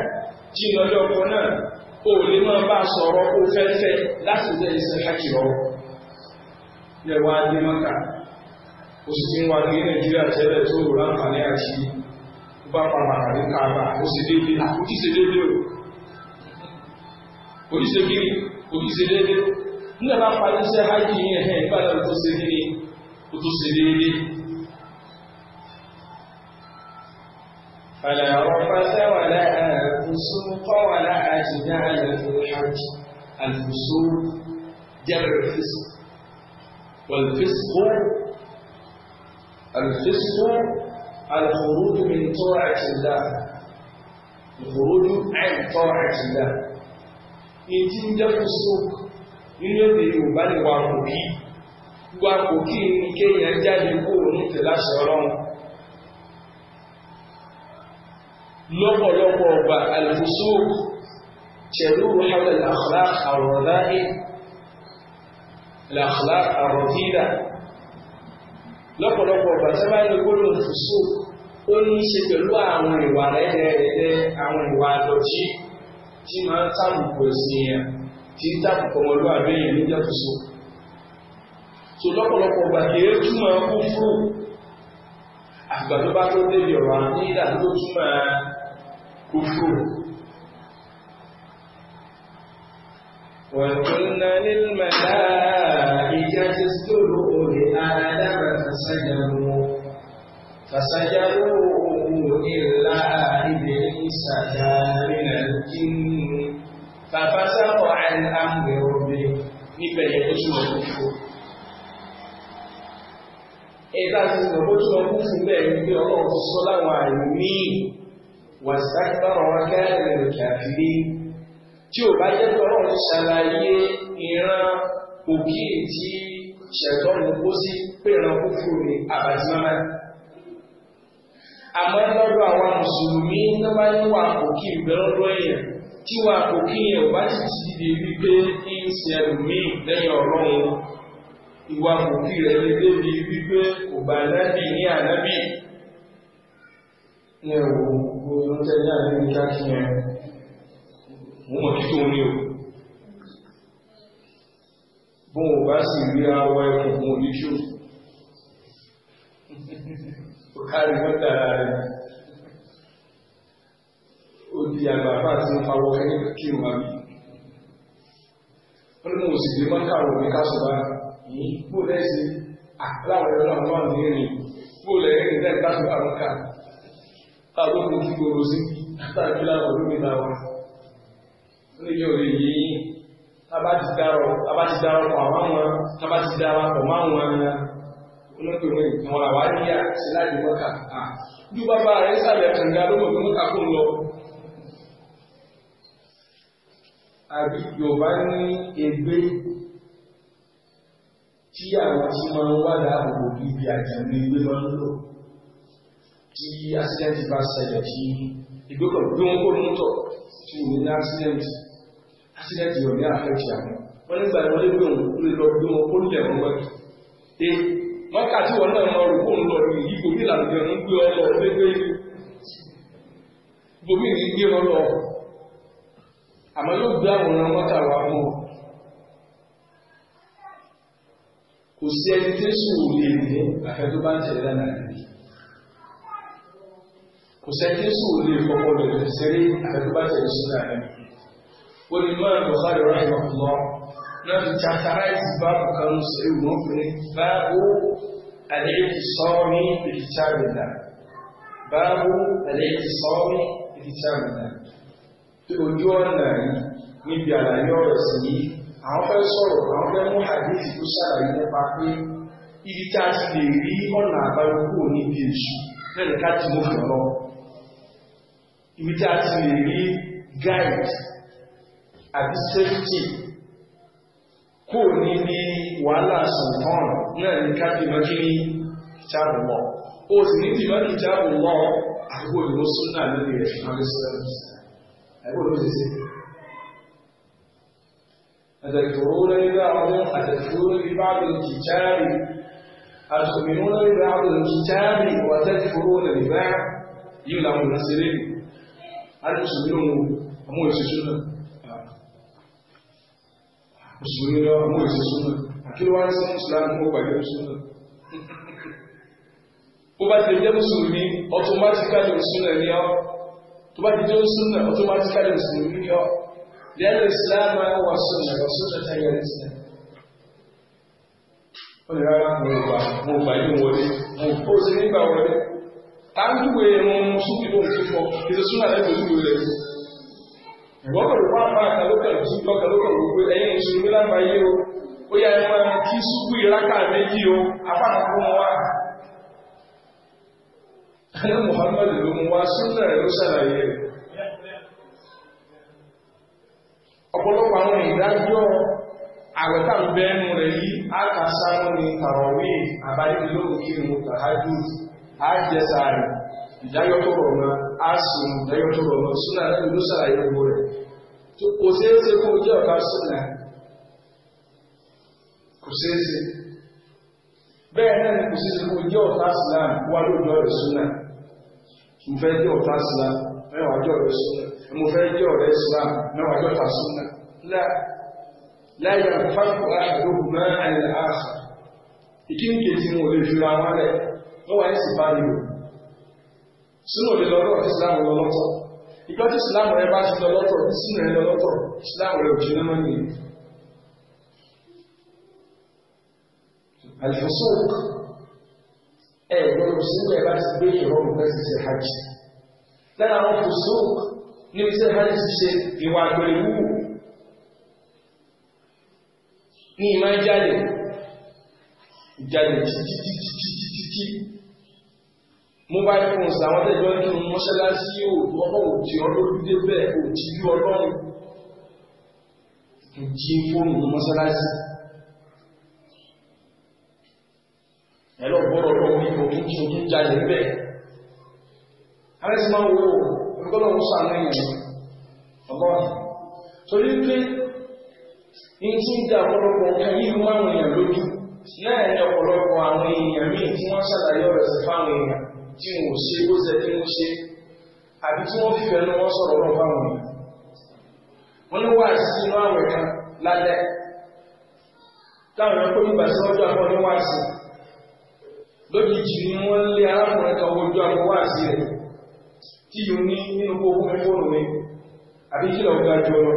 tí lọ́jọ́ ọkọ̀ náà o lè máa bá sọ̀rọ̀ kó fẹ́fẹ́ lásìkò sẹ́hàjì lọ́wọ́ lẹ́wọ́ adé mọ́ta òsì tí wọ́n adé nàìjíríà tẹ́lẹ̀ tó rò láǹfààní àti bá padà rí kára ó ṣe déédéé náà ó ti ṣe déédéé o oníṣe kiri o ti ṣe déédéé nígbà bá parí iṣẹ́ hajj yìí ẹ̀hẹ́ ìgbà náà ló ṣe kiri ó tó ṣe déédéé. فلا رفث ولا فسوق ولا جدال في الحج الفسوق جمع الفسق والفسق الفسق الخروج من طاعة الله الخروج عن طاعة الله ìtí ń jẹ́ fún sóòkù nínú èdè Yorùbá ni wà kò kí wà kò kí ní kéèyàn jáde kó ní tẹ̀láṣẹ Ọlọ́run lọ́pọ̀lọpọ̀ ọgbà alifusóòkù ṣẹ̀lú rọ́hálẹ̀ làkàlá àrọ̀dáì làkàlá àrọ̀dídà lọ́pọ̀lọpọ̀ ọgbà sábà ní gbọ́dọ̀ fusóòkù ó ní í ṣe pẹ̀lú àwọn ìwà rẹ́dẹ̀rẹ́dẹ́ àwọn ìwà àdọ̀tí tí máa ń tàbùkù ẹ̀sìn yẹn tí ń tàbùkù ọmọlúwàbí yẹn ní jẹ́tùsọ. tó lọ́pọ̀lọpọ̀ gbà kí é túmọ̀ kú fún àgbà tó bá tó débi ọ̀rọ̀ àti ìdá túmọ̀ kú fún. وقلنا للملائكة اسجدوا لآدم فسجدوا فسجدوا إلا إبليس كان من الجن ففسق عن أمر ربه níbẹ̀ yẹ kó túnmọ̀ fún fún. Ẹgbẹ́ àti ìsìnkú kó túnmọ̀ fún fún bẹ́ẹ̀ ni pé ọlọ́run ti sọ láwọn àyè míì wà sákìbára wọn kẹ́rẹ̀ rẹ̀ kàfílí. Tí ò bá jẹ́ pé ọlọ́run ti ṣàlàyé ìran òkè tí ṣẹ̀tọ́ ní kó sí pé ìran kúkúrú ni àbàtì máa máa àmọ́ lọ́dọ̀ àwọn mùsùlùmí ní bá ní wà òkè ìgbẹ́lọ́dọ̀ èèyàn tí wà òkè yẹn ò bá sì ti di wípé kí n ṣe ẹlòmíì lẹ́yìn ọlọ́run ìwà òkè rẹ̀ lè débi wípé kò bá nábì ní ànábì ní ẹ̀wọ̀ gbogbo tẹ́lẹ̀ ànábì káàkiri yẹn mo mọ̀ kí ní o bóun bá sì rí awọ ẹkùn mo ní kárí wọ́n dára rẹ̀ ó di àgbà bá ti ń pawọ́ ẹni kí n wá bí wọ́n ní mo sì dé mọ́tà rò ní kásùbá yìí kó lẹ́sìn àláwọ̀ ẹ̀rọ náà wà ní ìrìn kó lẹ́yìn ní kásùbá rọ̀ ká táwọn kò kí gbòòrò sí àtàkì láwọn olómìnira wọn nílé orí yìí tábà ti dárọ̀ tábà ti dárọ̀ pọ̀ àwọn tábà ti dárọ̀ pọ̀ máwọn olókèwé àwọn àwáríyà sí láti mọ́kà à bí bàbá rẹ̀ sàlẹ̀ kànga ló mọ̀ pé mọ́kà kò ń lọ. àbí yorùbá ní ẹgbẹ́ tí àwọn tí máa ń wá dáàbò níbi àjàmú ìwé máa ń lò tí accident bá ṣẹlẹ̀ tí ìgbékọ̀ gbé wọn kó mọ́tò tí ò ní ní accident accident yóò ní àfẹ́tì àwọn wọn nígbà tí wọn lé gbé wọn lè lọ gbé wọn kó lẹ̀ wọn wájú. mọ́kà tí wọ́n náà mọ̀ rògbò ń lọ rí yìí gbòmí ìlànà ìgbẹ́ ń gbé ọlọ ní gbé lọ yóò gbé àwọn ọ̀nà mọ́kà wà mọ́ kò sí ẹni tí èso ò lè mú tó bá ń tẹ̀lé lánàá kò sí ẹni tí èso ò lè fọwọ́ tó bá tẹ̀lé wọ́n ní mọ́ra lọ́kàdọ̀ ráyìn الاعتصام بكتاب الله باب الاعتصام بكتاب الله في ọ̀nà yìí níbi àlàyé ọ̀rọ̀ sí yìí àwọn fẹ́ sọ̀rọ̀ àwọn fẹ́ mú hadith tó ṣàlàyé nípa pé ibi tá a ti lè rí ọ̀nà àbáyọ níbi èṣù lẹ́nu ká ti mú fún ibi tá a ti lè rí guide àbí safety kò ní bí wàhálà sọ̀tán náà ní ká bí mọ́kí ní kìtàbù mọ́ ó sì ní bí mọ́kí kìtàbù mọ́ àgbò ìlú súnà lórí ẹ̀ fúnlẹ̀ sẹ́lẹ̀sì ẹgbẹ́ ló ti sí أتذكرون ببعض أتذكرون ببعض الكتاب أتؤمنون ببعض الكتاب وتذكرون ببعض يلعب النسرين هل تؤمنون أمو يسجون mùsùlùmí lọ mú èsì súnà àkílò wá sí mùsùlùmí ó gbàgbé súnà ó bá ti jẹ́ automatically súnà ní ọ́ tó bá ti jẹ́ súnà automatically mùsùlùmí ní ọ́ lẹ́nu islam wà súnà lọ súnà táyà islam ó lè rárá mo gbà mo gbà yìí wọlé mo kó sí nígbà wọlé táwọn ìwé ẹ̀rọ mùsùlùmí ló ń tó fọ ètò súnà lẹ́nu ìwé rẹ̀ wọ́n kò wá bá àkàlókàn jí lọ́kàlókàn gbogbo ẹ̀yìn ìṣúnmí lágbàáyé o ó yá ẹ máa kí ṣúgbù ìrákà méjì o apáàkó wọn wá ẹni Muhammadu ló mú wá súnà ló ṣàlàyé rẹ̀ ọ̀pọ̀lọpọ̀ àwọn ìdájọ́ àwẹ̀tà ń bẹ́ ẹnu rẹ̀ yí àkàṣánú ni tàrọ̀wé àbáyé lóòkè mú tàhájú àjẹsàrẹ̀ ìdájọ́ tó rọ̀ náà asùn lẹ́yìn tó rọrùn súnà lẹ́yìn ló ṣàlàyé gbogbo rẹ̀ tó kò ṣeé ṣe kó jẹ́ ọ̀ká súnà kò ṣeé ṣe bẹ́ẹ̀ náà ni kò ṣeé ṣe kó jẹ́ ọ̀ká súnà wà lóòjọ́ rẹ̀ súnà mo fẹ́ jẹ́ ọ̀ká súnà mẹ́wàá jọ rẹ̀ súnà mo fẹ́ jẹ́ ọ̀rẹ́ súnà mẹ́wàá jọ ta súnà láyé àfáàkù àdókù máa ń àṣà ìkíńkè tí mo lè fi ra wọn rẹ̀ sínú òde lọ́rọ̀ islam lọ lọ́tọ̀ ìgbà tí islam rẹ bá ti lọ lọ́tọ̀ sínú rẹ lọ lọ́tọ̀ islam rẹ ò ṣe náà nìyí. alifasok ẹ gbọ́dọ̀ sínú ẹ bá ti gbé ìrọrùn bẹ́ẹ̀ ti ṣe hajj lára àwọn fasok níbi tí hajj ti ṣe ìwà àgbèrè wúwo ní ìmọ̀ jáde jáde títí mobile phones àwọn tẹ́jọ́ nínú mọ́ṣáláṣí òtọ́kọ̀ òjì ọlọ́dúdé bẹ́ẹ̀ òjì bí ọlọ́run jí fóònù mọ́ṣáláṣí ẹ̀lọ́ gbọ́dọ̀ lọ wí kò tún tún tún jáde bẹ́ẹ̀ alex máa wo olùkọ́lọ́ ń sàánú èèyàn ọlọ́run torí pé ní tí ń dá ọ̀pọ̀lọpọ̀ nǹkan yìí máa ń rìn lójú náà ní ọ̀pọ̀lọpọ̀ àwọn èèyàn míì tí wọ́n ṣàlàyé ọ̀rọ̀ sí fáwọn èèyàn tí wọ́n ṣe bó ṣe tí wọ́n ṣe àbí tí wọ́n fífẹ́ ní wọ́n sọ̀rọ̀ lọ́wọ́ fáwọn èèyàn wọ́n ní wà sí inú àwẹ̀ kan lálẹ́ táwọn èèyàn kó nígbà sí ọjọ́ àpọ̀ ní wà sí lójijì ni wọ́n lé arákùnrin kan ojú àpọ̀ wà sí rẹ̀ tí yóò ní nínú kó fún mi fóònù mi àbí kí lọ ga jù ọ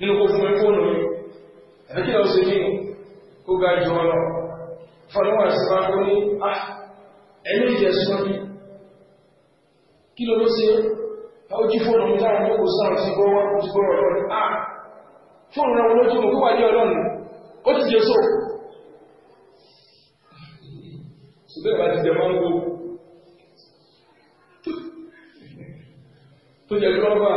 nínú kó fún mi fóònù mi àbí kí lọ ṣe nínú kó ga jù lọ fọlọ́wọ́n àti bá kó ní ah ẹnu ìjẹsùn ní kí ló ló ṣe ojú fóònù ní láàrin ní òsàn ti gbọ́ wá ti gbọ́ ọlọ́run à ah! fóònù rẹ̀ lójú mọ̀ kó wà ní ọlọ́run ó ti jẹ́ sọ ṣùgbọ́n ìbá ti jẹ máa ń gbó tó jẹ lọ́gbà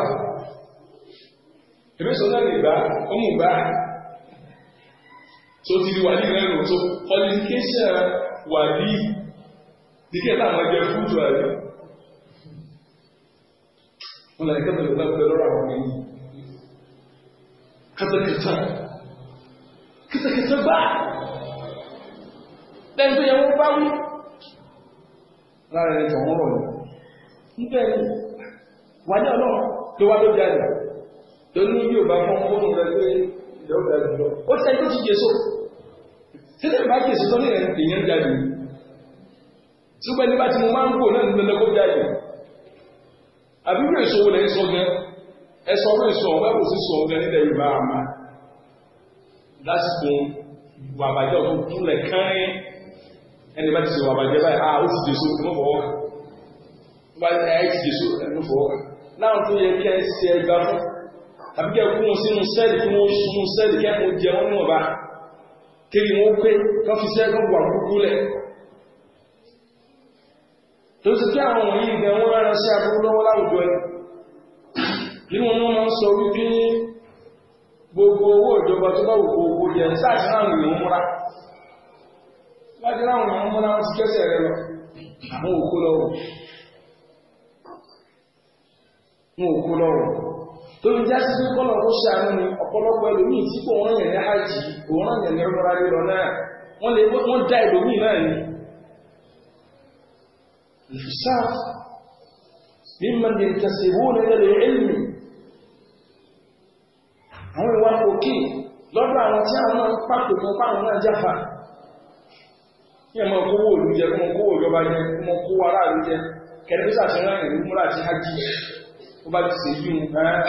èmi sọ náà nìgbà ọmọ ìgbà tó ti di wà ní ìrẹ́nu tó qualification wà bíi Dìkẹ́ táwọn ẹgbẹ́ fúdù àrí. Wọ́n lè kẹ́tọ̀ lè gbàgbé lọ́rọ̀ àwọn èyí. Kẹ́tẹ̀kẹ́tẹ̀. Kẹ́tẹ̀kẹ́tẹ̀ gbà. Lẹ́yìn tó yẹ wọ́n bá wí. Lára ẹni tọ̀wọ́n rọ̀ ni. Níbẹ̀ ni, wà ní ọ̀nà tó wá lóbi àjà. Tó ní bí ò bá fọ́n fóònù rẹ̀ pé ìjọba ìjọba. Ó ti ẹni tó ti jẹ so. Títí ìbá jẹ so tó ní èèyàn jáde yìí tí ó bẹ́ nígbà tí mo máa ń gbò náà ní dandan kó jáde àbí rẹ̀ sọ wọlé sọ gẹ ẹsọ rẹ̀ sọ ọgbà kò sí sọ gẹ nílẹ̀ Yorùbá àmà lásìkò ìwà àbàjẹ́ ọ̀tún kúnlẹ̀ kánrin ẹni bá ti sọ àbàjẹ́ báyìí ah ó ti dèso ìmọ̀ fọwọ́ bá ah, ẹ ti dèso ìmọ̀ fọwọ́ náà tó yẹ kí ẹ ṣe ẹgbà fún tàbí kí ẹ kú wọn sínú sẹ́ẹ̀lì kí wọ́n sún sẹ́ẹ̀lì kí ẹ kó jẹ wọn níwọ̀nba kí wọn pé kọ́fíṣẹ́ kọ́ wà gbogbo lẹ̀ tó ti kí àwọn wọ̀nyí ń bẹ wọ́n rárá sí aburú lọ́wọ́ láwùjọ ẹ̀ nínú wọn máa ń sọ wípé gbogbo owó ìjọba tó bá wù gbogbo yẹ sáà ti náà wùyàn múra láti láwọn èèyàn múra wọn ti kẹsẹ̀ rẹ lọ àwọn òkú lọ́wọ́ wọn òkú lọ́wọ́ tó ń já sí ni ọ̀pọ̀lọpọ̀ ẹlòmíì tí kò wọ́n yẹn ní hajj kò الفساق ممن ينتسبون إلى العلم àwọn ìwà òkè lọ́dọ̀ àwọn tí àwọn náà pàtó mọ́ fáwọn náà jáfà ní ẹ̀mọ́ kówó òlú jẹ kọmọ kówó ìjọba jẹ kọmọ kówó aráàlú jẹ kẹrẹfísà tí wọ́n rìn múra ti hajj ó bá ti ṣèjú ẹ̀ẹ́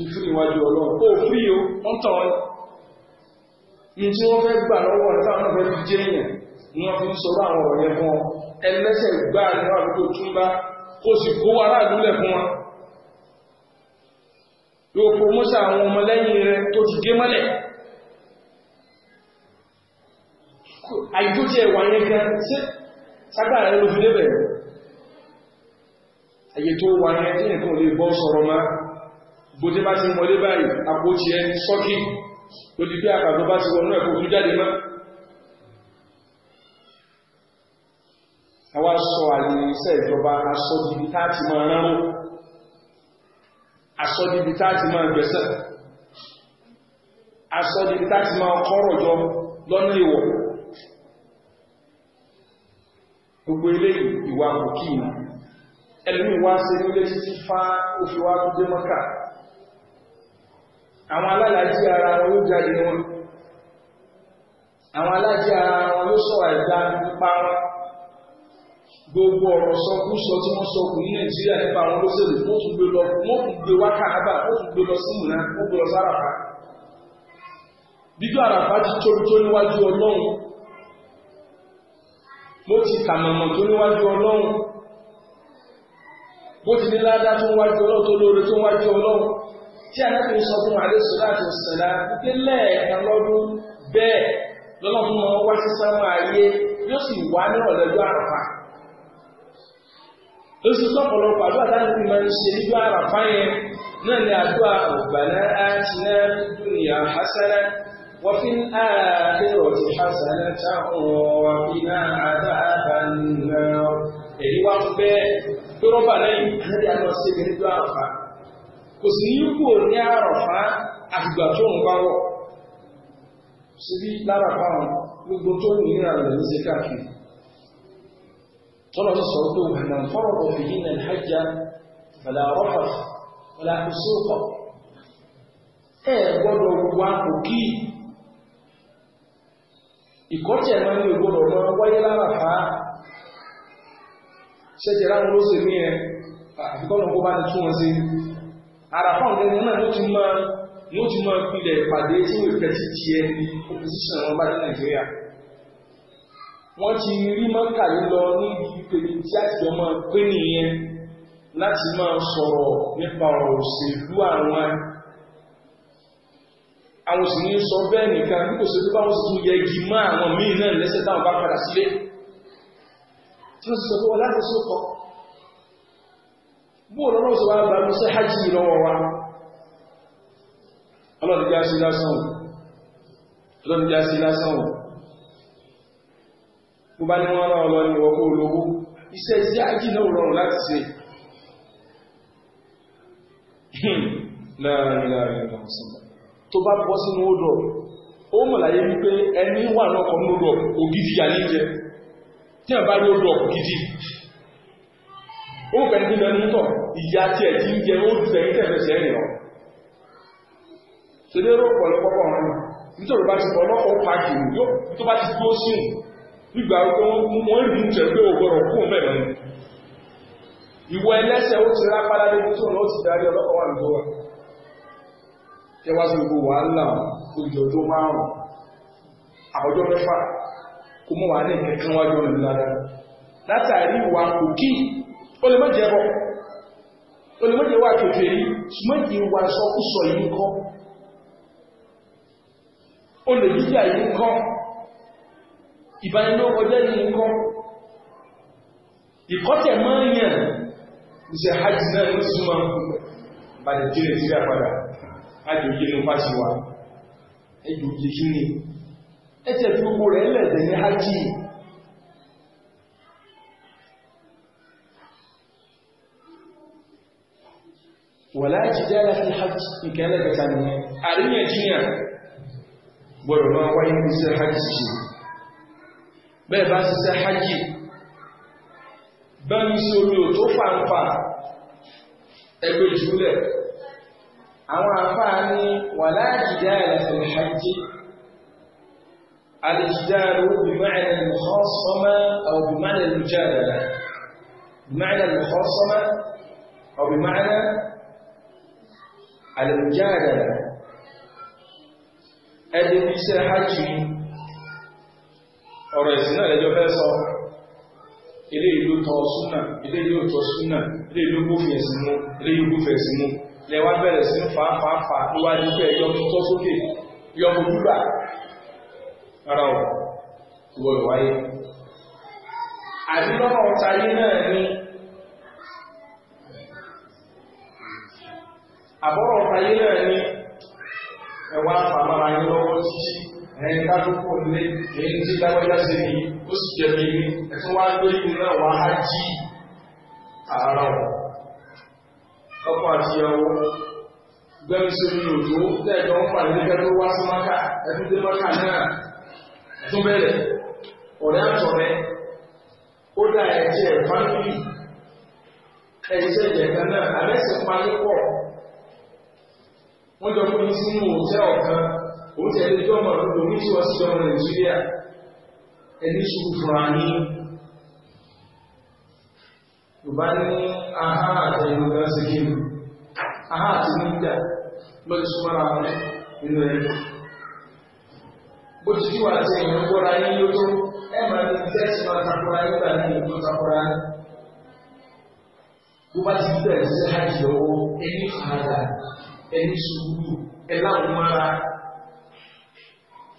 ìfún ìwájú ọlọ́run ó fúrí o wọ́n tàn án ní tí wọ́n fẹ́ gbà lọ́wọ́ rẹ̀ táwọn náà fi jẹ́ èèyàn ni wọ́n fi ń sọ àwọn ọ̀rọ̀ yẹn fún ọ ẹlẹ́sẹ̀ gbá àwọn àdúgbò túnbá kó sì kó aráàlú lẹ̀ fún wa yóò promosa àwọn ọmọlẹ́yìn rẹ tó ti gé mọ́lẹ̀ àìjójẹ ẹ̀wà yẹn gan ṣe ságbà rẹ ló fi débẹ̀ àyè tó wà yẹn tí nìkan lè bọ́ sọ̀rọ̀ máa gbòdé bá ti wọlé báyìí àpótí ẹ sọ́kì lórí bí àgbàdo bá ti wọnú ẹ̀kọ́ tó jáde máa àwa sọ àyè iṣẹ́ ìjọba asọ́dìbí táàtì máa rárún asọ́dìbí táàtì máa gbẹ̀sẹ̀ asọ́dìbí táàtì máa kọ́rọ̀ jọ lọ́nà ìwọ̀ gbogbo eléyìí ìwà kòkí ìnà ẹlẹ́mí wá sí nílé títí fá òfin wá tó dé mọ́kà àwọn alálàájí ara wọn ló jáde wọn àwọn alájí ara wọn ló sọ ẹ̀dá nípa wọn gbogbo ọ̀rọ̀ sọkúsọ tí wọ́n sọ kù ní nàìjíríà nípa àwọn olóṣèlú wọ́n tún gbé lọ wọ́n tún gbé wá káàbà wọ́n tún gbé lọ sí múná wọ́n gbé lọ sí àràfà bíbí àràfà ti tóbi tó níwájú ọlọ́run mo ti kàmọ̀mọ̀ tó níwájú ọlọ́run mo ti ní ládá tó níwájú ọlọ́run tó lóore tó níwájú ọlọ́run tí anábìrin sọ fún àlẹ́ sọ́dá àti ọ̀sẹ̀lá wípé lẹ́ẹ̀kan lọ́dún bẹ́ẹ̀ lọ́lọ́run máa wá sí sáwọn ayé yóò sì wá nírọ̀lẹ́jọ́ àràfà ó sì sọ ọ̀pọ̀lọpọ̀ àdúrà táwọn ìlú máa ń ṣe níjú ara fáyẹn náà ni àdúrà ọ̀gbàná àtinà dúnìyà hasana wọ́n fi ń àdérò ti hasana táwọn ọ̀gbìnà àdáàbà náà èyí wá ń bẹ́ tó rọ́bà lẹ́yìn àdé àlọ́ sí ibi níjú ara fa kò sì ní kú ní ara fa àfìgbà tó ń bá wọ̀ síbi lára gbogbo tó wù ní ara rẹ̀ ní káàkiri tọ́lọ̀ ní sọ pé wọ́n mọ̀ fọ́rọ̀ bọ̀ fi yí nàìjíríà hajjá fẹ̀lá rọ́pà fẹ̀lá ìṣòkọ̀ ẹ gbọ́dọ̀ wá òkì ìkọ́tẹ̀ náà ní ìgbọ́dọ̀ máa wáyé lára fa ṣẹ́jẹ̀ láwọn ló ṣe ní ẹ àfikọ́nà kó bá ti tún wọn sí ara fáwọn ẹni náà ló ti máa ló ti máa pilẹ̀ ìpàdé tí wọ́n fẹ́ ti tiẹ̀ opposition wọn bá nàìjíríà wọ́n ti rí mọ́kà yìí lọ níbi ìpèlè tí àtijọ́ máa gbé nìyẹn láti máa sọ̀rọ̀ nípa ọ̀rọ̀ òṣèlú àwọn àwọn òsì ní sọ bẹ́ẹ̀ nìkan ní kò sójú báwọn sì tún yẹ igi mọ́ àwọn míì náà lẹ́sẹ̀ táwọn bá padà sílé tí wọ́n sì sọ pé wọ́n láti sókọ bóò lọ́nà òsì wá gba iṣẹ́ hajj lọ́wọ́ wa ọlọ́dún já sí lásán ọlọ́dún já sí lásán tó bá ní wọ́n rán ọlọ́ ní ọkọ̀ olówó iṣẹ́ sí ájì náà rọrùn láti ṣe láàrin láàrin ìgbàmùsùn tó bá bọ́ sínú odò ó mọ̀ láyé wípé ẹni wà lọ́kọ̀ ní odò ògidì àníjẹ tí a bá rí odò ògidì ó kẹ́ ní bíbẹ̀ nítọ̀ ìyá tí ẹ̀ tí ń jẹ ó jẹ́ ní tẹ̀fẹ̀sẹ̀ ẹ̀rìn ọ̀ ṣe lérò pọ̀lọpọ̀ ọ̀run nítorí bá ti pọ̀ lọ́kọ̀ pàjù yóò tó bá ti dúró sí gbígbà wọ́n rí ń tẹ̀gbé ògbọ́rọ̀ kó mẹ́rin ìwọ ẹlẹ́sẹ̀ ó ti rápálá lórí tó náà ó ti darí ọlọ́pàá wà lọ́wọ́ ẹ wá sí gbogbo wàhálà ojú ọjọ́ márùn-ún àbọ̀jọ́ mẹ́fà kó mọ́ wà ní ìkẹ́kẹ́ wájú ọ̀nà lára látàrí ìwà òkì ó lè mọ́jẹ́ bọ́ ó lè mọ́jẹ́ wà kéfèé yìí mọ́jẹ́ wà sọ́kúsọ yìí kọ́ ó lè jíjà yìí kọ́ ìbánilókọjẹ́ ní nǹkan ìkọ́tẹ̀ máa ń yàn ìṣẹ́ hajj náà ní súnmọ́ balẹ̀ tí rẹ̀ sí àpadà ajòyè ní fásí wa ẹjòyè kí ni ẹ̀tẹ̀ fi gbogbo rẹ̀ lẹ̀dẹ̀ ní hajj wàlá jidala fi hajj ìkẹ́lẹ̀ gẹ̀ta nìyẹn àríyànjiyàn gbọ́dọ̀ máa wáyé ní iṣẹ́ hajj bẹ́ẹ̀ bá ṣiṣẹ́ hajj bá mi sí omi ò tó fàǹfà ẹgbẹ́ ìjúlẹ̀ àwọn àfáà ní wà láàjìdá ẹ̀lẹ́sẹ̀ hajj الجدال بمعنى المخاصمة أو بمعنى المجادلة بمعنى المخاصمة أو بمعنى المجادلة أدب حجي ọ̀rọ̀ ẹ̀sìn náà lẹ́jọ́ fẹ́ sọ ilé ìlú tọ́ súnà ilé ìlú tọ́ súnà ilé ìlú gbófin ẹ̀sìn mú ilé ìlú gbófin ẹ̀sìn mú lẹ wá bẹ̀rẹ̀ sí ń fàáfàáfà tó wá ní pé ẹjọ́ tó tọ́ sókè yọmọ gbígbà ara ọ̀ ìwọ̀ ìwáyé àdílọ́nà ọ̀tayé náà ní àbọ̀rọ̀ ọ̀tayé náà ní ẹwà àfàmàrà yín lọ́wọ́ títí kálukú lé èyí tí lágbájá sí ó sì jẹ́ ní ẹ̀tún wá lórí náà wá á jí ààrà ọ̀ ọkọ̀ àti ìyàwó gbẹ́mi sórí òjò lẹ́ẹ̀kan ń pàdé nígbà tó wá sí máka ẹ̀tún dé máka náà ẹ̀tún bẹ̀rẹ̀ ọ̀rẹ́ àtọ̀rẹ́ ó dá ẹ̀jẹ̀ fámìlì ẹ̀jẹ̀ ìjẹ̀kan náà àbẹ́sẹ̀ parí pọ̀ wọ́n jọ fún mi sínú òjẹ́ ọ̀kan ó ti ẹni tó ọmọ ọdún omi tí wọ́n sí ọmọ nàìjíríà ẹni sùn fúnra ní yorùbá ní ahá àti ẹni ọgbà ṣe kí ahá àti nígbà lọ́dún súnmọ́ra wọn nínú ẹni bó ti tí wà á ti ẹ̀yìn ọgbọ́ra yín tó ẹ máa ní tẹ́sí máa takora yín ní ìlú takora yín bó bá ti bẹ̀rẹ̀ sí àjọ ẹni fàdà ẹni sùúrù ẹ láwọn máa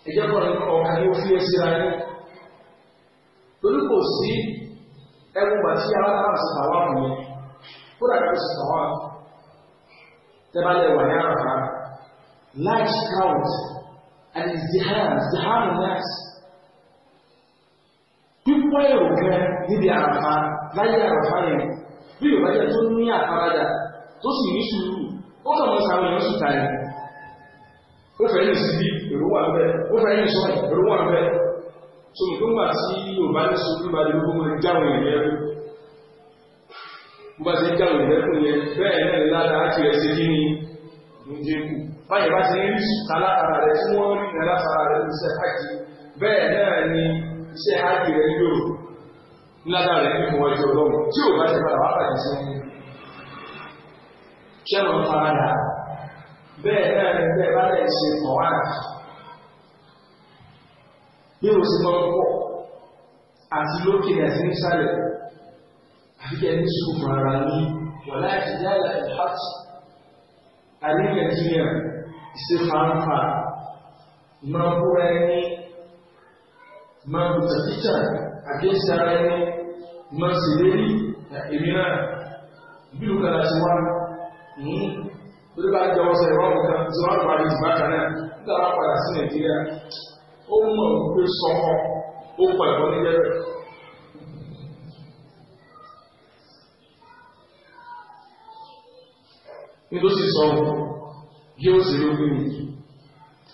ẹ jẹ́ kọ́ ọ̀kan ní ó fi ẹ síra yín torí kò sí ẹgbẹ́ gbà tí alákàrà sí tàwa mú mi kódà kò sí tàwa tẹ́bálẹ̀ wà ní àràfà large crowd and izdiham izdiham nas pípọ́ èrò níbi àràfà láyé àràfà yẹn bí yorùbá jẹ́ tó ní àfaradà tó sì ní sùúrù ó kàn mọ́ sàmì ọ̀sùn tàyẹ̀ ó fẹ́ lè sí èrò wà bẹ́ẹ̀ ó fẹ́ yìí sọ èrò wà bẹ́ẹ̀ tó nǹkan wà tí yorùbá ní sọ nípa ìlú gbogbo ní jáwé ìyẹn rú bó ṣe jáwé ìyẹn kù yẹn bẹ́ẹ̀ náà ní ládàá ti rẹ̀ ṣe kí ni ǹjẹ́ kù báyìí bá ti rí sùkà látara rẹ̀ tí wọ́n rí ìrìn látara rẹ̀ ní iṣẹ́ hajj bẹ́ẹ̀ náà ni iṣẹ́ hajj rẹ̀ yóò ládàá rẹ̀ nínú ọjọ́ ọlọ́run tí ò ti padà bẹ́ẹ̀ náà ni bẹ́ẹ̀ bá lẹ̀ ṣe kọ̀wáàtì bí o sì máa pọ̀ àti lókè àti nísàlẹ̀ àfikẹ́ ní sùnmọ́ ara ní wọ́n láti yálà ìhàtì àní nàìjíríà ṣe fàáfà máa búra ẹni máa bùtà títà àgẹ́sì ara ẹni máa sì lérí èmi náà bí o kàlà sí wa lórí bá jẹ́ ọ̀sẹ̀ ìwọ́n kan tí wọ́n parí ìgbà kan náà nígbà wọn padà sí nàìjíríà ó mọ̀ wípé sọmọ ó pa ìbọn ní jẹ́rẹ̀. nítorí sọ yóò sì ló bí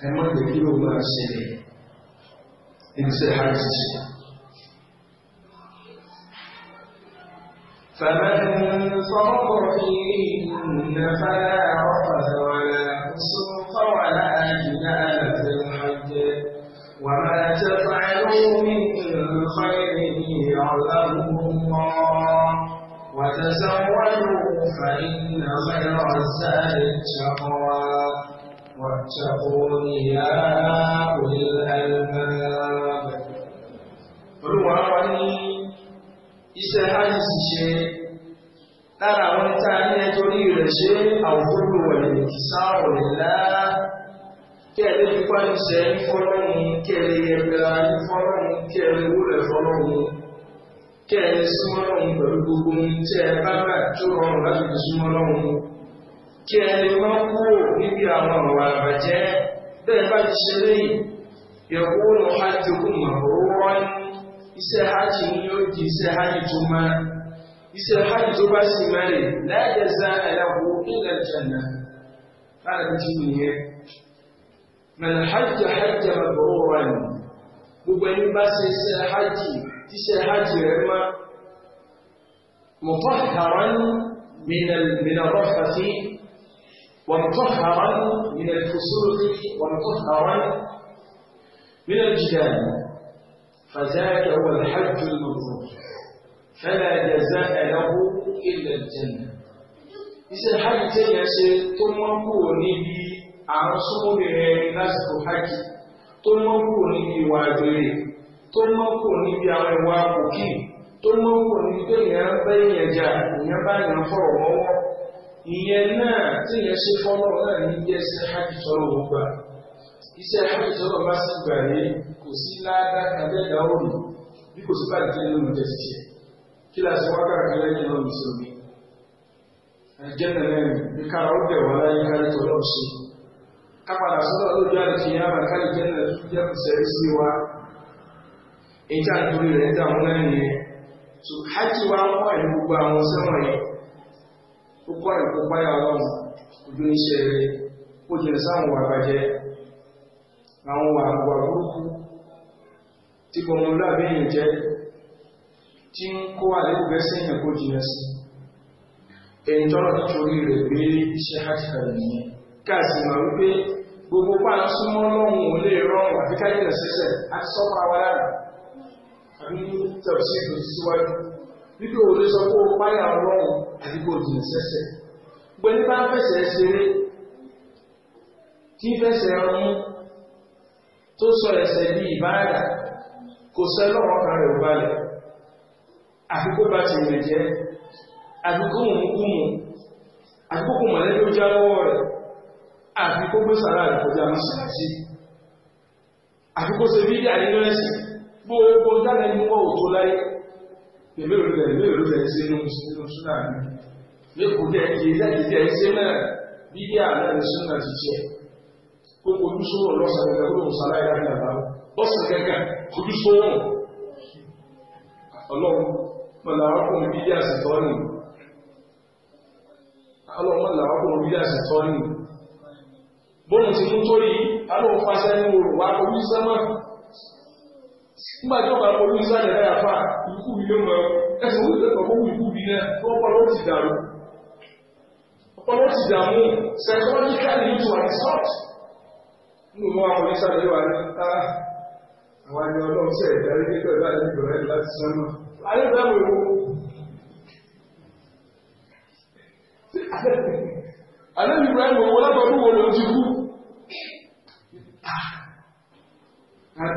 ẹ má lè kí ló máa ṣẹlẹ̀ ìṣe àìsí. فمن فرض فيهن فلا رفث ولا فسوق ولا جناح وما تفعلوا من خير يعلمه الله وتزودوا فإن خير الزاد التقوى واتقون يا أولي الألباب Olúwa wa ní iṣẹ́ hajj ṣiṣẹ́ lára àwọn tá a ní ẹjọ́ rí rẹ̀ ṣe àwòrán ìwọ̀n ìsáwọ̀lẹ́lá kí ẹ lè dúpẹ́ níṣẹ́ ní fọ́lọ́run kí ẹ lè yẹra ní fọ́lọ́run kí ẹ lè wúlẹ̀ fọ́lọ́run kí ẹ lè súnmọ́ lọ́run pẹ̀lú gbogbo ohun tí ẹ bá rà tó rọrùn láti fi súnmọ́ lọ́run kí ẹ lè má kúrò níbi àwọn ọ̀rọ̀ àbàjẹ́ bẹ́ẹ̀ bá ti ṣe lẹ́yìn yẹ̀kúrò hajj kún màbúrúwọ́ iṣẹ́ hajj ni yóò di iṣẹ́ hajj tó máa iṣẹ́ hajj tó bá sì máa rè láyé من حج حج مبرورا مبني بس الحج تسع حج إما مطهرا من من الرفقة ومطهرا من الفسوق ومطهرا من الجدال فذاك هو الحج المبرور فلا جزاء له إلا الجنة إذا حج تجسد ثم هو àwọn sọ́kòbìnrin lásìkò hajj tó mọ́ kúrò níbi ìwà àgbèrè tó mọ́ kúrò níbi àwọn ìwà kòkì tó mọ́ kúrò níbi pé ìyẹn ń bẹ́ ìyẹn jà ìyẹn bá ìyẹn fọ̀rọ̀ mọ́wọ́ ìyẹn náà tí ìyẹn ṣe fọ́lọ́ náà ní bí ẹsẹ̀ hajj sọ̀rọ̀ wọn gbà iṣẹ́ hajj sọ̀rọ̀ bá sì gbà yé kò sí ládàá abẹ́dá òòlù bí kò sí bá ìdílé lónìí jẹ́ sí ẹ̀ kí lásìkò wákàtí lẹ́yìn náà mùsùlùmí àjẹ́ ó bẹ̀ wọ́n láyé kárí tọ́lọ́ kápadà sọ́dọ̀ lójú àdìsíyàmà káàlì jẹ́nà jẹ́ kùsẹ̀rí sí wa ìjà nítorí rẹ̀ dàmú náà nìyẹn tó hajj wa ń kọ́ ẹ̀lú gbogbo àwọn sẹ́wọ̀n yẹn ó kọ́ ẹ̀kọ́ páyà ọlọ́run ojú iṣẹ́ rẹ̀ ó jẹ́ sáwọn wà bàjẹ́ àwọn wà wà burúkú tí gbọmọ lábẹ́ yẹn jẹ́ tí ń kó àlékún bẹ́sẹ̀ yẹn kó jìnà sí ẹni tọ́lọ̀ nítorí rẹ̀ gbé iṣẹ́ hajj kan nìyẹn káàsì máa wípé gbogbo pa ń súnmọ́ lọ́hùn ò lè rọrùn àfi ká jìnà ṣiṣẹ́ àti sọ́kọ̀ àwa lára àbí tẹ̀sí ìlú síwájú bíbí òun lè sọ pé ó páyà ọlọ́run àti kò jìnà ṣẹṣẹ gbogbo ẹni bá ń fẹsẹ̀ ṣeré kí fẹsẹ̀ ọmú tó sọ ẹsẹ̀ bí ìbáàdà kò sẹ́ lọ́wọ́ kan rẹ̀ balẹ̀ àfi kó bá ti rìn jẹ́ àfi kó kú mu àfi mọ̀lẹ́bí ó já lọ́wọ́ rẹ̀ àfi kó gbé sàrá rẹ̀ kọjá ní sàásì àfi kó ṣe bí díà nínú ẹ̀sìn gbogbo dáná ní wọ́n ò tó láyé pèmí òrùlẹ̀ ní òrùlẹ̀ sí inú súnà mi lẹ́kọ̀ọ́ dẹ̀ kì í dẹ̀ kì í ṣe náà bí díà náà ní súnà ti jẹ́ kó ojúṣòwò lọ́sàn-án kẹ́kẹ́ lóhùn sàrá ìyá mi àbá lọ́sàn kẹ́kẹ́ ojúṣòwò ọlọ́run mọ̀lá ọkùnrin bí díà sì tọ́ ni ọlọ́run mọ̀lá ọkùnrin bí díà sì tọ́ ni bóun ti mú torí alóhùn fàṣẹ ní orò wá olú sẹ́mọ̀ nígbà tí ó bá olú sẹ́mọ̀ náà fà ikú ilé mọ́ ẹsẹ̀ ó lè kọ̀ọ̀kọ́ wù ikú ilé náà tó ọpọlọ ti dàrú ọpọlọ ti dààmú psychologically into a result nínú mọ́ àwọn oníṣàlẹ̀ wà ní ta ah, àwọn ẹni ọlọ́run sí ẹ̀dá rí pé pẹ̀lú àyè ìbẹ̀rẹ̀ láti sọ́nà ayé bẹ́ẹ̀ wò ó àlẹ́ ìbẹ̀rẹ̀ wò ó lábọ̀ ọdún wo ló ti kú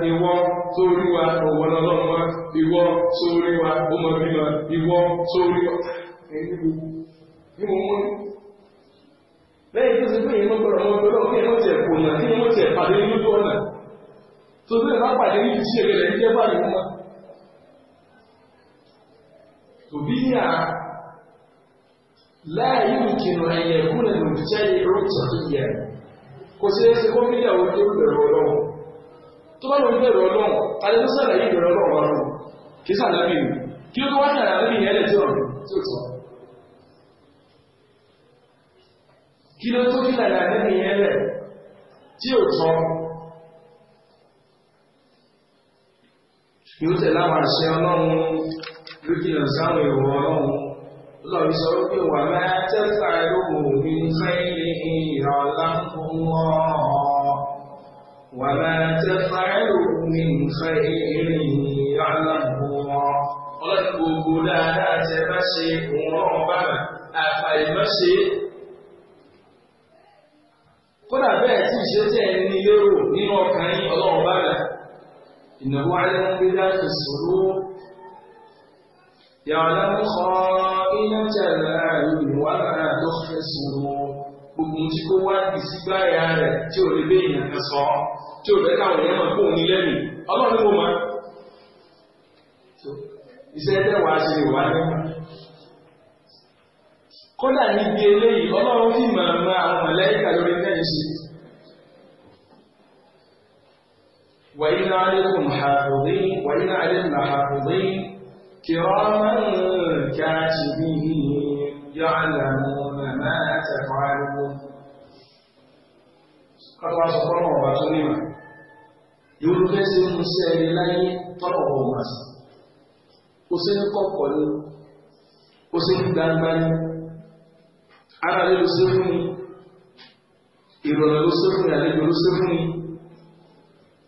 ìwọ sórí wa ọ̀wọ́ lọ́lọ́run wa ìwọ sórí wa ọmọ bímọ ìwọ sórí wa ẹni gbogbo ní mo mú ní. lẹ́yìn tó ṣe pé èèyàn gbọ́dọ̀ mọ ọgbẹ́ náà kí èèyàn tẹ̀ kò nà kí èèyàn tẹ̀ pàdé ní lójú ọ̀nà tó bí èèyàn bá pàdé ní ìṣe rẹ̀ ní jẹ́ báyìí mọ́. òbí ní à láàyè ìkìnnà ẹ̀yẹ̀ kúnlẹ̀ lòdì jẹ́ ìrọ̀tọ̀ ìyẹn kò ṣeé ṣe kó fíyàwó tó bẹ̀rù ọlọ́run tó bá lóun bẹ̀rù ọlọ́run tàbí tó sàlàyé ìbẹ̀rù ọlọ́run wà fún kì í sàlàyé mi kí ló tó wá sàlàyé mi yẹn lẹ́tí ọ̀rọ̀ tí ó sọ. kí ló tó fi sàlàyé mi yẹn lẹ̀ tí ó sọ. yóò tẹ̀lé àwọn àṣẹ ọlọ́run lókè lọ sáwọn ìwọ ọlọ́run lọ́ọ̀rí sọ pé wà máa tẹ́sà lóhùn mi sẹ́yìn ìrọ̀lá fún ọ́ọ́. وما تفعلوا من خير يعلمه الله ọlọ́dún gbogbo dáadáa tẹ bá ṣe òun rọrùn bàbà àfàìmọ́ ṣe é kódà bẹ́ẹ̀ tí ìṣe tẹ̀ ní lérò nínú ọkàn yín ọlọ́run bàbà ìnáwó alẹ́mọ́gbéra kò sòrò yàrá ló kọ́ iná jẹ̀rẹ̀ àìlú ìwádàá tó fẹ́ sòrò. gbogbo tí kò wádìí sígbà ya rẹ̀ tí ò lè bẹ́ èèyàn kan sọ ọ́ tí ò lẹ́ka òun yẹn máa kó òun lẹ́nu ọlọ́run kò máa. iṣẹ́ tẹ́ wàá ṣe lè wá nípa. kódà níbi eléyìí ọlọ́run fi mọ̀ ọ́n àwọn mọ̀lẹ́kà lórí tẹ́yìn ṣe. وإن عليكم حافظين وإن عليكم حافظين كراما كاتبين يعلمون ما تفعلون kátó wá sọ fọ́nà ọ̀bà tó ní ìmọ̀ ìwé fẹ́ ṣe mú sí ẹni láyé tọ́nà ọ̀bọ̀ ọ̀mà sí ó ṣe ń kọ̀kọ̀ ní ó ṣe ń gbangba ní ara rẹ̀ ló ṣe fún mi ìrọ̀lẹ́ ló ṣe fún mi àlejò ló ṣe fún mi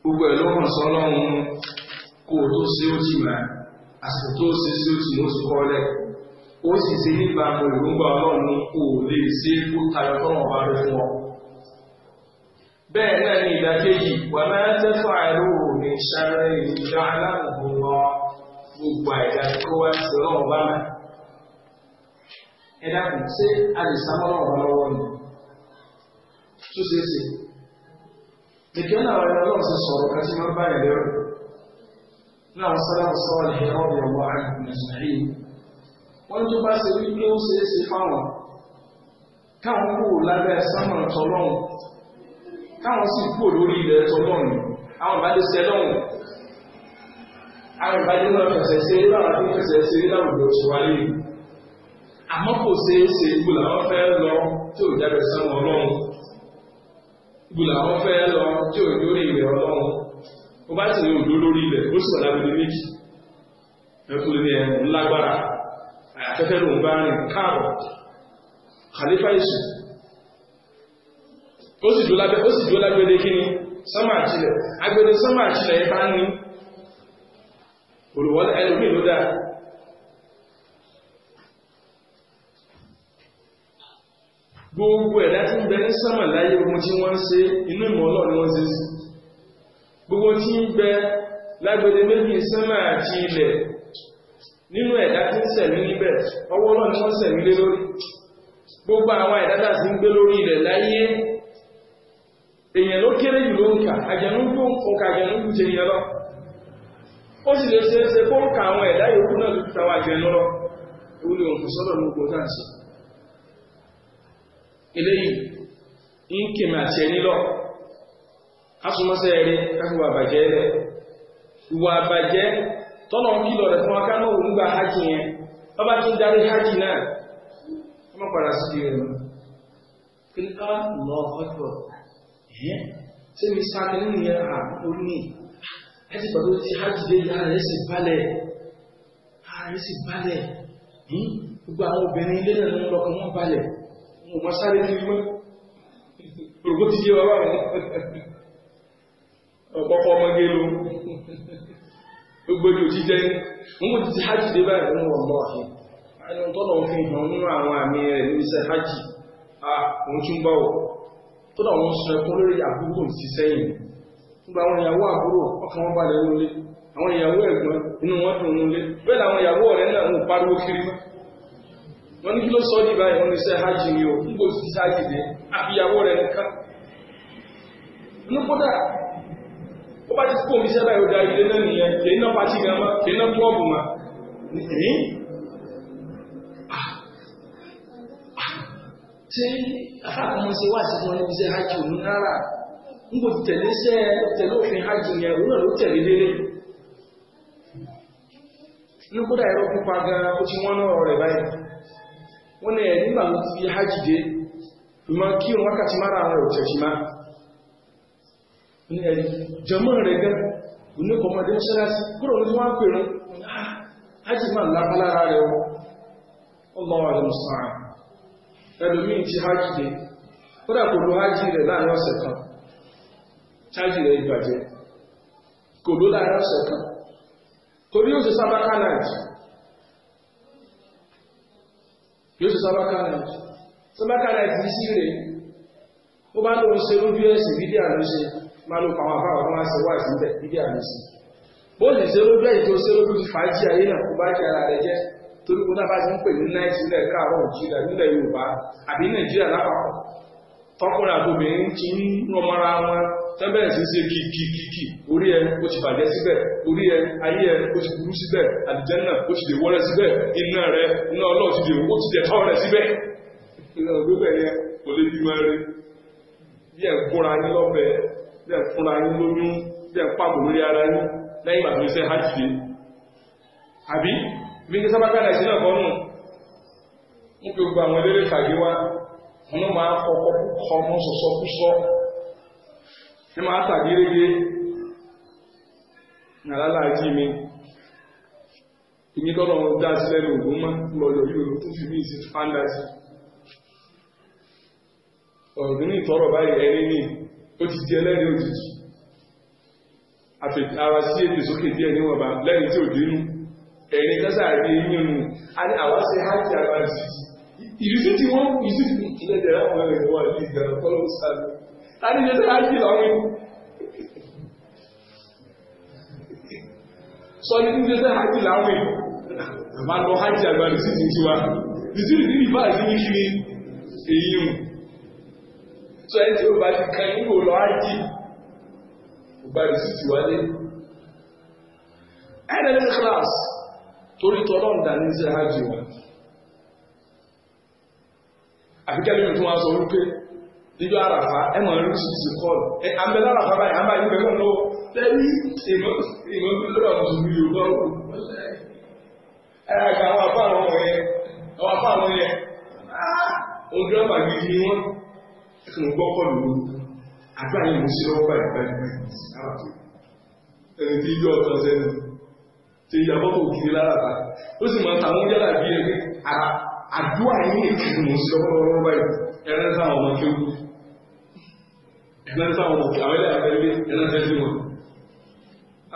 gbogbo ẹ̀ ló hàn sọ́lọ́run kó o tó ṣe ó ti mà àsìkò tó ṣe sí ó ti mú sí kọ́lẹ̀ ó sì ṣe nípa àwọn ìrúgbà ọlọ́run kó o lè ṣe kó tayọ tọ́nà ọ̀bà rẹ̀ fún ọ bẹ́ẹ̀ náà ní ìdákéjì wà máa tẹ́fà àìlúwò ní ṣàrẹ ìjọ aláàbùn lọ gbogbo àìdá tó wá sí ọlọ́run bá mẹ́. ẹ̀dá kù sí àdìsámọ́lọ́ ọ̀rọ̀ lọ́wọ́ ni tó ṣe é ṣe. nìkan náà wọ́n lọ́wọ́ sí sọ̀rọ̀ kan tí wọ́n bá yẹn náà wọ́n káwọn sì kúrò lórí ilẹ̀ tọ́lọ́run àwọn ìbálẹ̀ sẹ́lọ́run àwọn ìbálẹ̀ náà fẹ̀sẹ̀ ṣe láwọn tó fẹ̀sẹ̀ ṣe láwùjọ ṣùwálé àmọ́ kò ṣeé ṣe ibù làwọn fẹ́ lọ tí ò jáde sẹ́nu ọlọ́run ibù làwọn fẹ́ lọ tí ò lórí ilẹ̀ ọlọ́run ó bá sì ní òdó lórí ilẹ̀ ó sì ọ̀dà bíi méjì ẹ̀kú ní ẹ̀rùn lágbára àyàfẹ́fẹ́ lòún bá rìn káàbọ̀ khalifa yusuf ó sì dúó lágbédé kí ni sánmà àjílẹ̀ agbédé sánmà àjílẹ̀ yẹ bá ní olùwọ́lẹ̀ ẹlùmí ló dáa gbogbo ẹ̀dá tí ń bẹ ní sánmà láyé ogun tí wọ́n ń ṣe inú ìmọ̀ ọlọ́ ni wọ́n ṣe sí gbogbo tí ń bẹ lágbédé méjì sánmà àti nínú ẹ̀dá tí ń sẹ̀mí níbẹ̀ ọwọ́ náà ni wọ́n sẹ̀mí lé lórí gbogbo àwọn ẹ̀dá tí ń gbé lórí ilẹ̀ láyé èèyàn ló kéré jù ló ń kà àjẹnú gbó òǹkà jẹ yẹn lọ ó sì lè ṣe ṣe kó ń ka àwọn ẹ̀dá yòókù náà ló tàwọn àjẹnú lọ ewu ni òǹkà sọ́dọ̀ ló gbó náà sí eléyìí ń kèmí àti ẹni lọ asomọ́sẹ́ ẹ̀rí káfíwà àbàjẹ́ rẹ̀ ìwà àbàjẹ́ tọ́nà ń kìlọ̀ rẹ̀ fún wa kánú òun gba hajj yẹn bábá tí ń darí hajj náà wọ́n padà sí ìrìn lọ. kí ni ṣé mi sá kínní nìyẹn à ó ní ẹ ti pàdé ti hajj dé ìyá rẹ̀ sì balẹ̀ ara rẹ̀ sì balẹ̀ gbogbo àwọn obìnrin ilé náà ló ń lọkàn wọn balẹ̀ mo mọ sáré kiri mọ́ òrùkó ti yé wa wà ní ọ̀pọ̀pọ̀ ọmọge ló gbogbo ìjò jíjẹ́ wọn kò ti hajj dé báyìí wọn wọ̀ mọ́ tó dà wọ́n sun ẹkún lórí àbúrò sí sẹ́yìn nígbà àwọn ìyàwó àbúrò ọkàn wọn balẹ̀ ló lé àwọn ìyàwó ẹ̀gbọ́n inú wọn dùn ún lé bẹ́ẹ̀ làwọn ìyàwó ọ̀rẹ́ náà ń pariwo kiri mọ́ wọ́n ní kí ló sọ ọ́ dìbà ìwọ́n ní sẹ́ hajj ni o ń gbòòsì sí hajj dé àfi ìyàwó rẹ̀ nìkan inú kódà ó bá ti kó omi sẹ́bà ìwọ́dà ilé náà nìyẹn kì í ná pàṣẹ gan mọ́ kì í ná bọ́ọ̀bù mọ́ tí àwọn ha wà sí wọn níbi iṣẹ́ hajj òun rárá ń kò tẹ̀lé iṣẹ́ tẹ̀lé òfin hajj yẹn òun náà ló tẹ̀lé lélẹ̀ ní kódà ẹ̀rọ pípa gan ó ti wọ́n náà rẹ̀ báyìí wọ́n hajj dé kí òun wákàtí má gan kúrò ní ah, hajj lápá lára ẹlòmíì ti hajj dé ó dà kò lo hajj rẹ̀ láàrin ọ̀sẹ̀ kan hajj rẹ̀ ìbàjẹ́ kò ló láàrin ọ̀sẹ̀ kan torí yóò ṣe sábàkà náàjì yóò ṣe sábàkà náàjì sábàkà isi sí O ó bá lóun ṣe lójú ẹ̀sìn bídíà ló ṣe máa ló pàwọn afáwọn tó máa ṣe wà sí bídíà ló ṣe bó lè ṣe lójú ẹ̀yìn tó ṣe lójú fàájì ayé náà kó bá jẹ ara torí kó dábàá ti ń pè ní náìtì ilẹ̀ káàárọ̀ òjìlẹ̀ nílẹ̀ yorùbá àbí nàìjíríà lápapọ̀ tọkùnrin àtòbìnrin ti ń rọmọra wọn tẹ́bẹ̀rẹ̀ sí ṣe kìkìkìkì orí ẹ ó ti bàjẹ́ síbẹ̀ orí ẹ ayé ẹ ó ti burú síbẹ̀ àlìjẹ́nà ó ti lè wọ́rẹ́ síbẹ̀ iná rẹ iná ọlọ́ọ̀ ti lè ó ti lè tọ́ rẹ síbẹ̀ iná ọgbẹ́bẹ̀ yẹn kò lè bí mẹ́rin bí ẹ̀ kóra yín lọ́bẹ̀ bí ẹ̀ fúnra yín lóyún bí ẹ̀ pàbò lórí ara yín lẹ́yìn ìgbà tó ṣe bí kí sábàkàdà sílẹ̀ kọ́nù ń pè gbogbo àwọn eléré kàgé wá wọn ló máa kọ́kọ́ kọ́ ọmọ sọ̀sọ́ kú sọ́ ní máa tàgérégé nàlálàájí mi ìní tọ́lọ̀ wọn dá sílẹ̀ lògùn mọ́ lọ́yọ̀ yóò tó fi mí sí fáńdásì ọ̀rọ̀ ní ìtọ́rọ̀ báyìí ẹni ní ó ti di ẹlẹ́ni òjijì ara sí èdè sókè díẹ̀ níwọ̀nba lẹ́yìn tí ò dínú ẹ̀rin kásá àti yíyanu a ní àwọn ṣe hajj àbájì ìrísí tí wọ́n kú ìrísí tí ilẹ̀ jẹ̀rọ àwọn ẹ̀rọ wà ní ìgbà ọ̀pọ̀lọpọ̀ sáré a ní ìjọsẹ̀ hajj làwọn sọ ní ìjọsẹ̀ hajj làwọn àmà lọ hajj àbájì sí ti tiwa ìrísí tí ìbá àti yíyanu èyí mu sọ ẹ tí o bá ti kan yín kò lọ hajj ò bá ìrísí tiwa lé ẹ̀rọ ní kíláàsì torí tọ́lọ́run dà ní iṣẹ́ hajj wọn àfikẹ́lẹ́ mi tún wá sọ wípé níjọ àràfà ẹ mọ̀ ní ṣìṣì kọ́ọ̀lù ẹ àmbẹ́ láràfà báyìí àmbá yìí bẹ́ẹ̀ lọ́wọ́ tẹ́lí ìmọ̀ lọ́dọ̀ mùsùlùmí yorùbá ó ẹ àgbà àwọn afọ àwọn ọmọ yẹn àwọn afọ àwọn yẹn ó dúró àgbà gidi ni wọn ẹ kàn gbọ́ kọ́ọ̀lù wọn àgbà yìí mo ṣe lọ́wọ́ báyìí báyìí báyìí tí ìyàbọ̀ kò kiri lára ta ó sì máa tàwọn yálà bí ẹni àdúrà yín ìkìlì mò ń sí lọ́wọ́lọ́wọ́ báyìí ẹran sáwọn ọmọ kéwù ẹran sáwọn ọmọ kéwù àwọn ẹlẹ́yà fẹ́ lé ẹran fẹ́ lé wọn.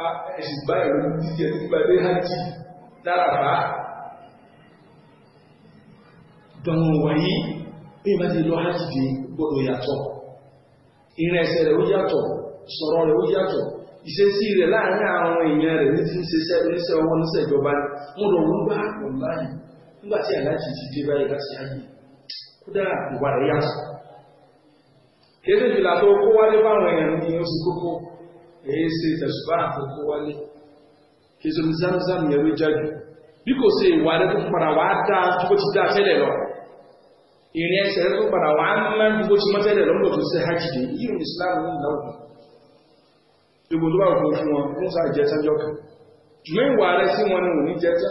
a ẹ̀sìn báyìí ló ti jẹ́ nípa ilé hajj lára ta. dọ̀nà wáyé bí ìbá ti lọ hajj dé gbọ́dọ̀ yàtọ̀ ìrìn ẹsẹ̀ rẹ̀ ó yàtọ̀ sọ̀rọ̀ rẹ̀ ó yàtọ̀ ìṣesí rẹ̀ láàrin àwọn èèyàn rẹ̀ ní ti ń ṣiṣẹ́ oníṣẹ́ ọwọ́ oníṣẹ́ ìjọba mo rọ̀ wọ́n bá pọ̀ láàyè nígbà tí aláàjì ti dé báyìí láti ayé kódà ìwà rẹ̀ yàtọ̀ kéde ìfìlà tó kó wálé báwọn èèyàn ní oṣù kókó èyí ṣe tẹ̀sùbá àti kó wálé jáde bí kò ṣe ìwà gbogbo tó bá kò fún wọn ń sá ìjẹta jọka ṣùgbọ́n rẹ sí wọn ni ò ní jẹta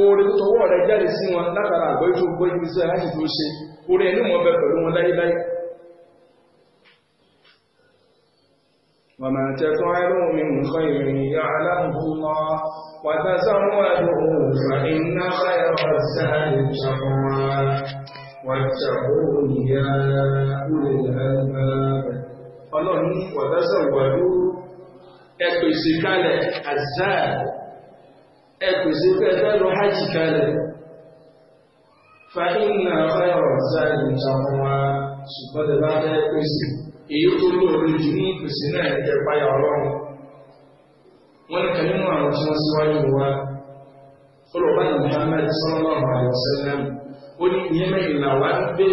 oore tó rẹ jáde sí wọn látara àgbọ́ tó gbọ́ ibi sí aláṣẹ tó ṣe oore ẹni mọ̀ bẹ pẹ̀lú wọn láyéláyé وما تفعلوا من خير يعلمه الله وتزودوا فإن خير الزاد التقوى واتقون يا أولي الألباب ọlọ́run ní wàtásà wàlú ẹ̀pèsè kalẹ̀ azad ẹ̀pèsè pẹ̀lú lọ hajj kalẹ̀ fàínà ọ̀rọ̀ záàlì ìjàmọ́wá ṣùgbọ́n lè bá fẹ́ pèsè èyí tó lóore jù ní ìpèsè náà ẹ̀páyà ọlọ́run wọ́n ní kan nínú àwọn tí wọ́n síwájú wa olùbá Muhammad sallallahu alaihi wasallam ó ní ìyẹn mẹ́rin làwọn gbé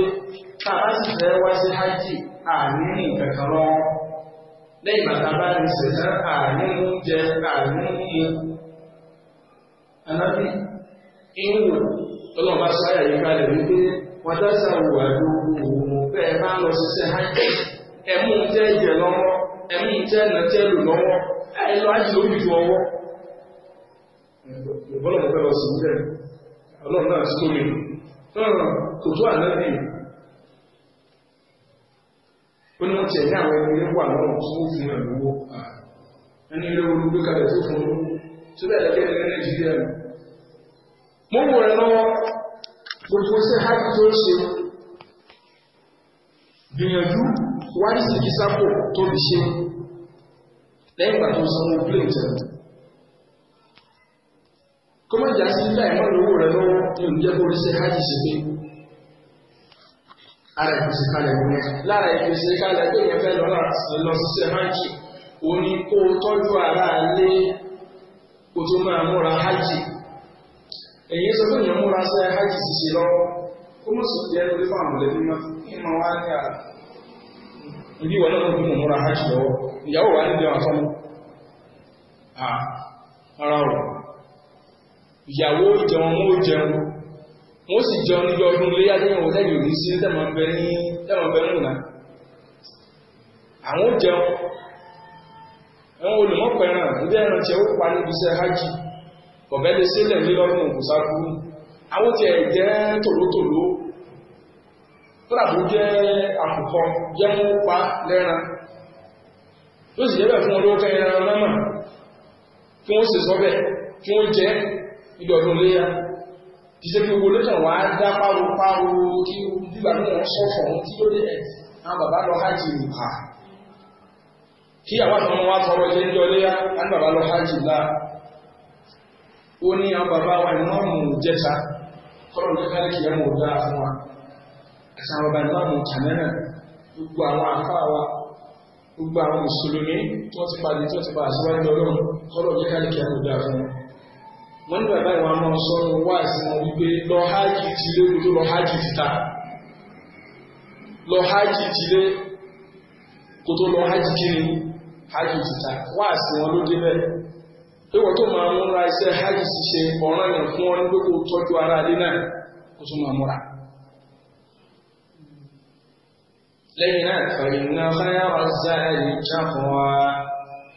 tá a bá sì fẹ́ wá sí hajj àní ní ìkẹ̀kẹ̀ lọ́wọ́ lẹ́yìn bàtà bá ní ṣẹ̀ṣẹ̀ àní ní ihe, àní ní anábì ìwò tọ́lọ́mà sáyà yìí kalẹ̀ wípé wọ́n dáṣà wà lóko bẹ́ẹ̀ bá lọ ṣiṣẹ́ hajj ẹ̀mú jẹ́ ha lọ́wọ́ ẹ̀mú jẹ́ nàjẹ́lù lọ́wọ́ ẹ̀ ọwọ́ fẹ́ lọ sí ó ní wọ́n tiẹ̀ ní àwọn ẹni wà lọ́wọ́ tí wọ́n fún ẹ̀rọ owó ah. ẹni ilé olú gbé kalẹ̀ tó fún un tó bẹ́ẹ̀ lẹ́gbẹ́ ní nàìjíríà nù. mo wò ẹ lọ́wọ́ gbogbo ṣe hábì tó ń ṣe gbìyànjú wáyé sì kí tó lè ṣe lẹ́yìn ìgbà tó sanwó plé tẹ̀. kọ́mọ̀jà sí láì mọ́ lówó rẹ lọ́wọ́ ní òǹjẹ́ kó rí ṣe hábì ṣe pé ara ìpèsè kalẹ̀ ní ẹ. lára ìpèsè kalẹ̀ pé èèyàn fẹ́ lọ ṣiṣẹ́ hajj ò ní kó o tọ́jú ara lé kó tó máa múra hajj èyí sọ pé èèyàn múra ṣe hajj ṣiṣẹ́ lọ́wọ́ kó mọ̀ sí ti ẹnu lé fún àwọn mọ̀lẹ́bí mọ́ kí n máa wá ní àná. ibi ìwọ náà ló fi mọ̀ múra hajj lọ́wọ́ ìyàwó wa níbi àwọn afọ́mọ́ ara ọ̀rọ̀ ìyàwó ìjẹun mú jẹun mo sì jọ níbi ọdún léyà tẹ́yìn wọ́n tẹ́yìn òní sí tẹ́mọ̀ bẹ ní tẹ́mọ̀ bẹ nù àwọn jẹun àwọn olùmọ́pẹ̀ràn níbi ẹran tí ó pa níbi iṣẹ́ hajj ní àwọn tòlótòló tó àkùkọ mú pa lẹ́ran tó sì fún olówó ẹran kí wọ́n sì sọ bẹ́ẹ̀ kí wọ́n jíjẹ́ pé owó lẹ́tọ̀ wá dá páropáro kí bíbá ní wọ́n sọ fọ̀hún tí ló dé ẹ̀ àwọn bàbá lọ hajj nìkà kí àwọn àwọn ọmọ wa tọrọ ilé ní ọlẹ́yà àwọn bàbá lọ hajj ńlá ó ní àwọn bàbá wa ìmọ̀ọ́mù jẹta kọ́rọ̀ ní káàkiri ẹ̀mọ̀ ọ̀dá fún wa àti àwọn bàbá ìmọ̀ọ́mù kàmẹ́rà gbogbo àwọn àfáà wa gbogbo àwọn mùsùlùmí tó ti padì tó ti padà síwájú ọlọ́run kọ́rọ̀ ní káàkiri ẹ̀mọ̀ ọ̀dá fún wa. wọ́n nígbà báyìí wọn ọsọ sọ̀rọ̀ wá sí wọn wípé lọ hajj ti lé kó tó lọ hajj ti ta lọ hajj ti ta wá wọn ló débẹ̀ ìwọ̀n tó máa náà tó máa múra. lẹ́yìn náà fàyínà wa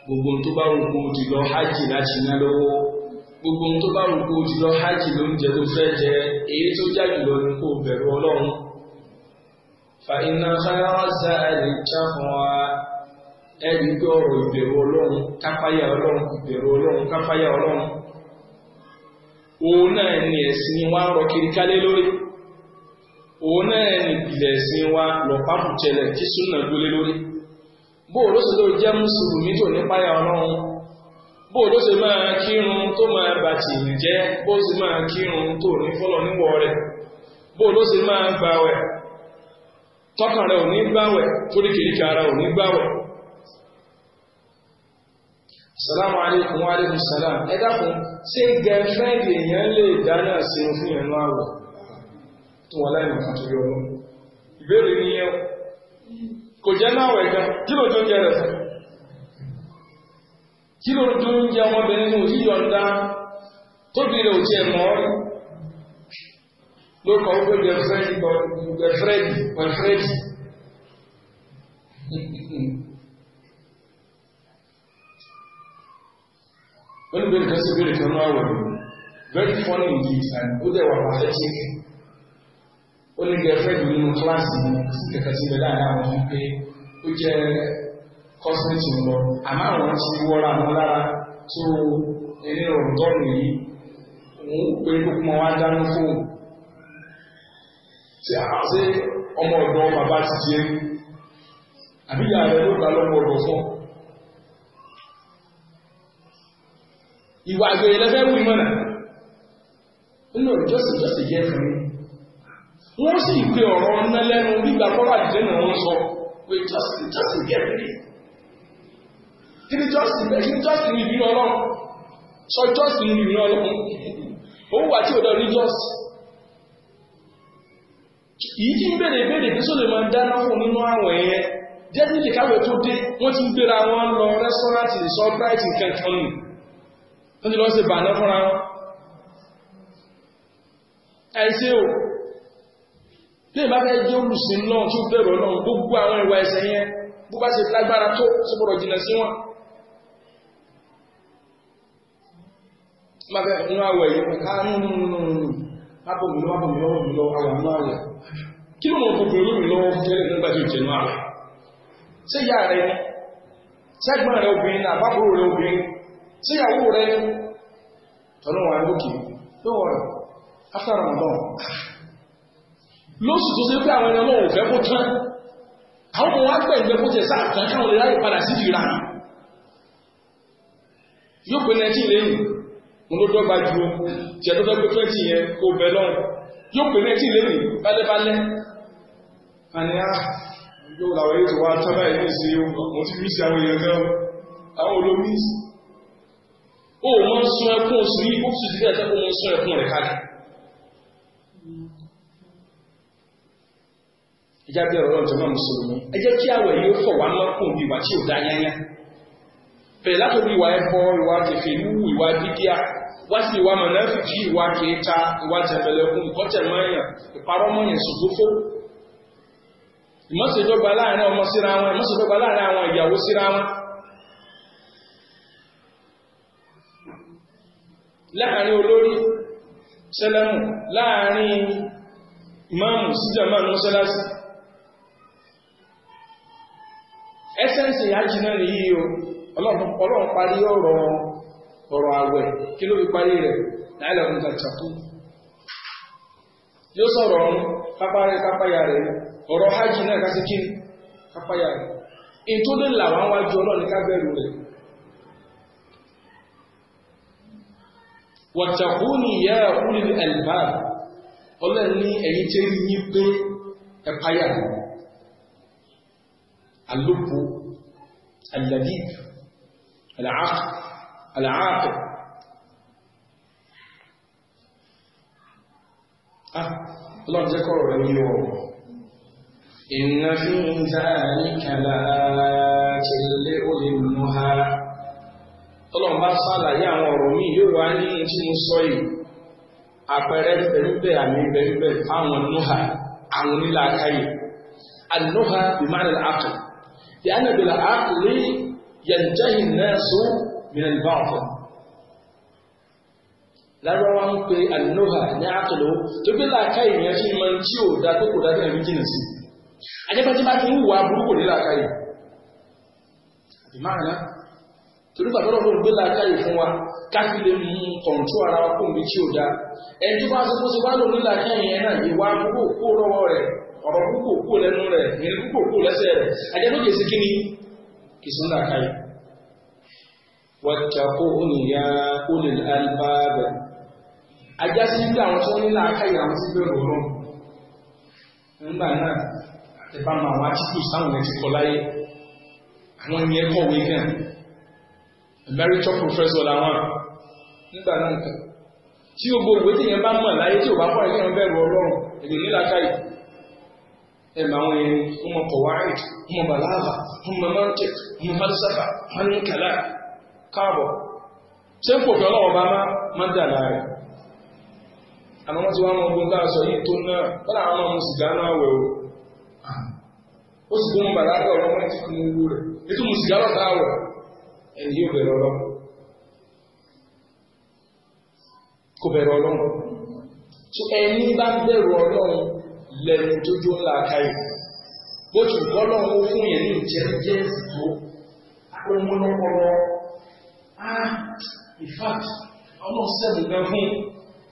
gbogbo tó wù kó ti lọ hajj láti ná gbogbo ohun tó bá wù kó jùlọ hajj ló ń jẹ tó fẹ́ jẹ èyí tó já jùlọ ni kó bẹ̀rù ọlọ́run. fa iná sáyánsá ẹ̀rí jáfọ́n wa ẹ̀rí pé ọ̀rọ̀ ìbẹ̀rù ọlọ́run káfáyà ọlọ́run ìbẹ̀rù ọlọ́run káfáyà ọlọ́run. òun náà ni ẹ̀sìn wa ń rọ kiri kálé lórí. òun náà ni ìpìlẹ̀ ẹ̀sìn wa lọ pápùtẹ̀lẹ̀ kí súnà gbólé lórí. bó o ló sì lóò jẹ́ mùsùlùmí tó nípa ọlọ́run bó ló ṣe máa kírun tó máa bàtì jẹ́ bó ṣe máa kírun tó ní fọ́lọ̀ níwọ̀ rẹ̀ bó máa gbàwẹ̀ tọ́kàn rẹ̀ ò ní gbàwẹ̀ toríkèríkà ara ò ní salamu wa salam èèyàn lè dáná sí fún ìrìn àwọ̀ tó kí ló tó ń jẹ ọmọbìnrin ní òsì yọ̀ǹda tóbi rẹ̀ ò tiẹ̀ mọ́ ọ́ ló kọ́ pé girlfriend boyfriend olùbẹ̀rẹ̀ kan sí bẹ̀rẹ̀ kan náà wọ̀lú very funny indeed and ó dẹ̀ wà pathetic ó ní girlfriend nínú kíláàsì ní kẹkẹ sí bẹ̀ láàárín àwọn ọmọ pé ó jẹ́ kọ́sìmẹ́tì ń lọ àmọ́ àwọn ti wọ́ra wọn lára tó ẹni ọ̀rọ̀ tọ́nù yìí òun pé lókun wọn wá dáná fóun tí a ṣe ọmọ ọ̀dọ́ bàbá ti jẹ́ àbíyá rẹ ló gbà lọ́mọ ọ̀dọ́ fún ọ. ìwà àgbèrè lẹ́fẹ́ wù mọ́nà nínú ìjọsìn ìjọsìn yẹ fún mi wọ́n sì gbé ọ̀rọ̀ ọ̀nà lẹ́nu gbígbà kọ́rọ̀ àdìdẹ́nà wọn sọ pé ìjọsìn ìjọsìn yẹ fún mi kí ni jọ́sì bẹ́ẹ̀ kí ni jọ́sì ní ìbínú ọlọ́run sọ jọ́sì ní ìbínú ọlọ́run òun wà tí ò dán ní jọ́sì yìí tí ń bèrè ìbéèrè bí sólè máa dáná fún nínú àwọn ẹ̀yẹ jẹ́bílì káwẹ̀ tó dé wọ́n ti ń gbéra wọn lọ rẹ́sọ́rántì sọ́bráìtì kankan nù wọ́n ti lọ sí bàná fúnra wọn ẹ̀ṣẹ́ o lè bá fẹ́ jẹ́ olùsìn náà tó bẹ̀rọ náà gbogbo àwọn ìwà ẹ̀ṣẹ̀ yẹn bó bá lágbára tó sọ́bọ̀rọ̀ jìnà sí wọn má fẹ́ nínú àwẹ̀ yìí ká nínú nínú nínú lábọ̀ mi lọ́wọ́ mi lọ́wọ́ mi lọ́wọ́ àwẹ̀ nínú àwẹ̀ kí ló mọ̀ gbogbo ìlú mi lọ́wọ́ tẹ́lẹ̀ nígbà tí ìjẹ̀nu àwẹ̀ ṣé ìyá rẹ ni ṣẹ́gbọ́n rẹ obìnrin àbábòrò rẹ obìnrin ṣé ìyàwó rẹ ni tọ́lọ́wọ́ àlókè lọ́wọ́ rẹ after Ramadan lóṣù tó ṣe pé àwọn ẹran náà ò fẹ́ kó tán àwọn ọmọ wa gbẹ̀ ìgbẹ́ kó tẹ̀ sáà tán káwọn lè ráyè padà sí ìlànà yóò pé 19 lẹ́yìn mo ló dọ́gba ju o tí ẹ tó fẹ́ pé twenty yẹn kó bẹ lọ́rùn yóò pè nineteen lẹ́nu bálẹ́bálẹ́ àní á ah, yóò làwọn ètò wa tán báyìí ní ìṣe mo ti mí sí àwọn èèyàn náà àwọn olómi ó mọ sun ẹkún oṣù yìí ó sì díẹ̀ sẹ́kún mọ sun ẹkún rẹ̀ kalẹ̀. ẹ jẹ́ bí ọ̀rọ̀ ọ̀jọ̀ náà mùsùlùmí ẹ jẹ́ kí àwẹ̀ yìí ó fọ̀ wá mọ́kùn bí wà tí ò dá yányá bẹ̀rẹ̀ látòrí ìwà ẹ̀fọ́ ìwà kẹfẹ́lú ìwà dídíà wá sí ìwà mọ̀nàfíkì ìwà kẹta ìwà jẹ̀bẹ̀lẹ̀kùn ìkọ́tẹ̀mọ́yàn ìparọ́mọ́yàn ṣògbófó ìmọ̀sẹ̀dọ́gba láàrin ọmọ síra wọn ìmọ̀sẹ̀dọ́gba láàrin àwọn ìyàwó síra wọn láàrin olórí sẹlẹ̀mù láàrin ìmáàmù síjàmá mọ́sálásí ẹsẹ̀nsì yájì náà nìyí o ọlọ́run parí ọ̀rọ̀ ọ̀rọ̀ àwẹ̀ kí ló fi parí rẹ̀ láìlẹ̀ ọ̀run tàtàkù yóò sọ̀rọ̀ ọ̀run kápárẹ̀ kápáyà rẹ̀ ọ̀rọ̀ hajj náà kásí kí kápáyà rẹ̀ in tó dé làwọn wájú ọlọ́run ká bẹ̀rù rẹ̀ wàtàkùnì yẹ́ ọ̀rún ẹ̀lbà ọlọ́run ní ẹ̀yìn tẹ́ yí pé ẹ̀páyà rẹ̀ alópo alladib العقل العاقل اه الله ذكره اليوم ان في ذلك لايات لاولي النهى الله ما صلى يا رومي يروى لي انتي مصري apẹẹrẹ bẹrẹbẹ àmì bẹrẹbẹ fáwọn nuha àwọn onílà akáyè anuha bimánil akọ yàrá bila akọ ní yantahi الناس من min al-ba'th lárọ́wọ́ ń pe ànúhà ní àtòlò tó bí làákà ìyẹn fi mọ tí ò dá tó kò dá tẹ́lẹ̀ méjì nìsí ajẹ́pẹ́tí bá ti ń wà burúkú ní làákà yìí ìmáàlá torí pàtàkì ọ̀rọ̀ gbé làákà yìí fún wa káfí lè mú kọ̀ǹtú ara wa kó mi tí ò dá ẹni bá sọ pé wá lò ní làákà yìí náà ìwà burúkú kó rọwọ́ rẹ̀ ọ̀rọ̀ burúkú kó lẹ́nu rẹ̀ ìrìn burúkú kó lẹ́sẹ̀ rẹ̀ ajẹ́pẹ́ ìsúnlá káyọ̀. wọ́tàkó ònìyà olùlẹ̀ alibáàbẹ̀ ajá sí bí àwọn tó ní làákàyè àwọn tí bẹ̀rù ọ̀rọ̀ nígbà náà àtẹ̀bá mọ àwọn atíkù sáwọn ẹ̀ ti kọ láyé àwọn ìyẹn kọ̀wé gan emeritus professor làwọn nígbà náà tí gbogbo ìwé tí yẹn bá mọ̀ láyé tí ò bá pọ̀ ẹ̀ kí wọ́n bẹ̀rù ọlọ́run èdè nílàákàyè ẹ̀mà àwọn ẹni ụmụ kọwaa ọmọ balaga ọmọ ụmụ ọmọ falsafa ọmọ kala káàbọ̀ ṣe ń pòfẹ́ ọlọ́wọ́ bá má ń dà láàrẹ̀ àmọ́ wọ́n ti wá mọ́ ogun dáa sọ yìí tó náà bọ́lá o lẹ́nu tójú ńlá káyò bó ti kọ́ lọ́wọ́ fún yẹn ní ìjẹ́jẹ́ tó akọ́nmọ́lọ́pọ̀lọ́ á in fact ọlọ́sẹ̀mù gan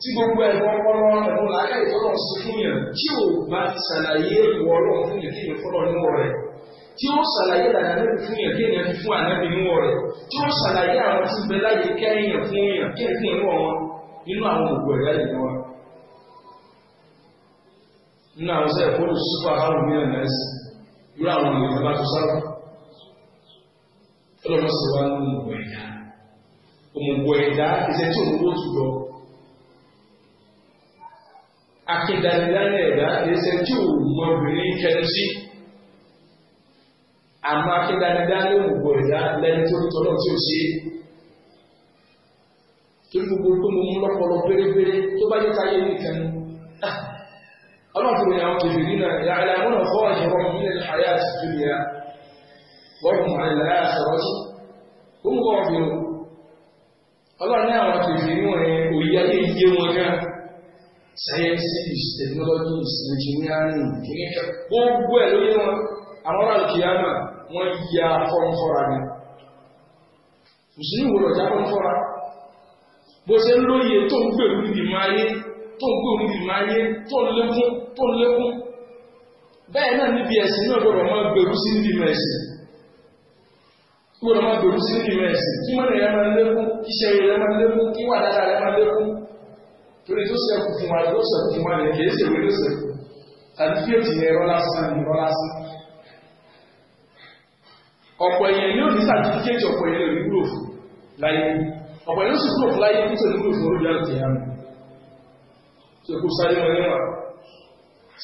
tí gbogbo ẹ̀rọ ọpọlọ ẹ̀rọ làákà ìtọ́lọ̀ sí fún yẹn tí ò bá ṣàlàyé ìwọ ọlọ́run fún yẹn kí yẹn fọlọ́ nínú rẹ̀ tí ó ṣàlàyé ìlànà fún yẹn kí yẹn fún ànábì nínú rẹ̀ tí ó ṣàlàyé àwọn tí ń bẹ láyé kẹ́yìn fún yẹn kí yẹn fún yẹn wọn nínú àwọn òògùn ẹ̀rọ ẹ̀yìn nínú àwọn iṣẹ́ ìkóòlù sípò àbáwò mílíọ̀n nẹ́ẹ̀sì irú àwọn ènìyàn bá tó sára ọlọ́mọ sì wá ní òmùgbọ̀ ẹ̀dá òmùgbọ̀ ẹ̀dá iṣẹ́ tí òun wó tù lọ akédanidánilẹ̀ ẹ̀dá iṣẹ́ tí òun mọ obìnrin kẹnu sí àmọ́ akédanidánilẹ̀ òmùgbọ̀ ẹ̀dá lẹ́ni tó ń tọ́lọ̀ tí ò ṣe é torí gbogbo tó mo mú lọ́pọ̀lọ́ pérépéré tó bá ọlọ́run ya alamúnà fọ́ ìṣẹ̀rọ̀ nílẹ̀ àyà àti dúnìyà wọ́pùn àìláyà sọ̀rọ̀ sí gbogbo wọn gbogbo ẹ̀ lóye wọn àwọn ará wọn ya fọ́nfọ́ra ni mùsùlùmí wò lọ́jà fọ́nfọ́ra bó ṣe ń lóye tó ń gbèrú níbi tó ń gbèrú tó ń tó ń lékún bẹ́ẹ̀ náà níbi ẹ̀sìn náà gbọ́dọ̀ máa gbèrú sí níbi ìmọ̀ ẹ̀sìn gbọ́dọ̀ máa gbèrú sí níbi ìmọ̀ ẹ̀sìn kí mọ́nà rẹ̀ máa lékún kí iṣẹ́ rẹ̀ máa lékún kí wà dáadáa rẹ̀ máa lékún torí tó ṣẹ́kù fún wa ló ṣẹ́kù fún wa nìyẹn kì í ṣèwé ló ṣẹ́kù tàbí fíètì yẹn rọ́lá sí ni rọ́lá sí. ọ̀pọ̀ èèyàn ní òní sàtífíkẹ́tì ọ̀pọ̀ èèyàn ní wúlò fún láyé ọ̀pọ̀ èèyàn sì wúlò láyé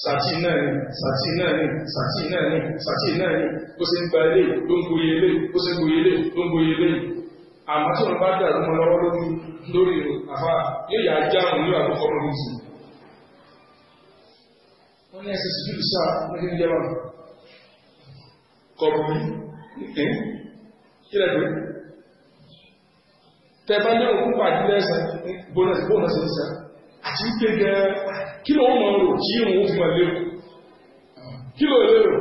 sàtì náà ni sàtì náà ni sàtì náà ni sàtì náà ni ó sì ń gba ilé ló ń gboyè ilé ó sì ń gboyè ilé ló ń gboyè ilé àmọ́ tí wọ́n bá dàrú mọ́ lọ́wọ́ lórí lórí àfa yóò yà á já òun ní àkókò ọmọ mi sí. wọ́n ní ẹsẹ̀ sùdúrù sáà wọ́n ti kọ̀ọ̀bù mi ẹ̀ kí lẹ́gbẹ̀ẹ́ tẹ̀bá ní òkú pàdé lẹ́sẹ̀ bónà sí bónà àti ń pè gẹ́ẹ́ kí ló mọ̀ rò tí ìrùn fún ẹlẹ́ kí ló lè rò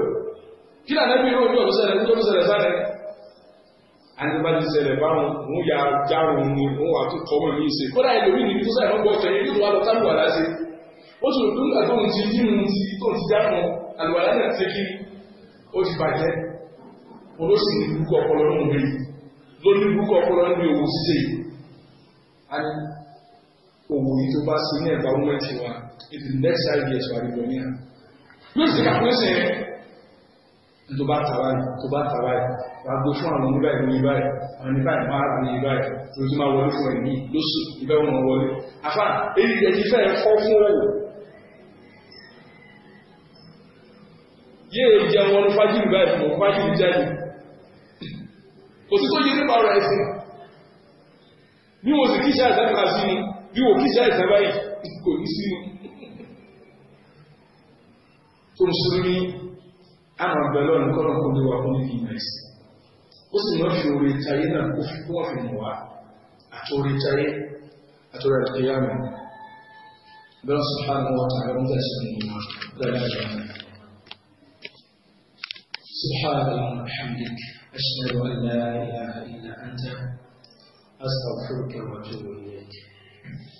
kí lànà bí irú ojú ọ̀sẹ̀lẹ̀ nítorí ṣẹlẹ̀ sáré àníbá ti ṣẹlẹ̀ báwọn òun ya járùn ní òun wà tó kọ́mọ̀ ní ìṣe kódà ẹlòmí ní tó sáré lọ́gbọ̀ ọ̀tẹ̀ yìí tó wà lọ sálùwà láṣẹ ó sì rò pé nígbà tó ń ti dínú ti tó ń ti járùn àlùwà láṣẹ ti kí ó ti bàjẹ́ olóṣì ní burúkú ọpọlọ lóhùn rí lórí burúkú ọpọlọ ní òwò ṣíṣe òwò yìí tó bá sí ní ẹ̀bá wúmẹ́ntì wa in the next five years wà ní bọ̀míà yóò sì kàkún sí ẹ̀ tó bá tàbá yìí tó bá tàbá yìí no gbé fún àwọn oníbà ìlú ibà yìí àwọn oníbà ìlú máa rà ní ibà yìí tó ti máa wọlé fún ẹ̀mí lóṣù ibà wọn wọlé afá èyí ẹ̀ ti fẹ́ fọ́ fún òwò yéè jẹun ọdún fájìlì báyìí mọ̀ fájìlì jáde òtítọ́ yìí nípa ọ̀rọ̀ ẹ̀sìn ní òsì kíṣà ìdájọ́ sí ni bí wò kí sẹ́yìn sábà yìí kò ní sínú tó ń sọ ní àwọn àgbẹ̀lọ́ nìkan kò lè wà fún ní ìmọ̀ ẹ̀sìn ó sì máa fi orí ìtayé náà kó fi kó wà fi mọ̀ wá àtòrí ìtayé àtòrí àtòrí àmì bẹ́ẹ̀ sọ fún àwọn ọ̀tá ẹ̀rọ ń tẹ̀sí ní dáadáa jẹ́ سبحانك اللهم وبحمدك أشهد أن لا إله إلا أنت أستغفرك وأتوب إليك Thank you.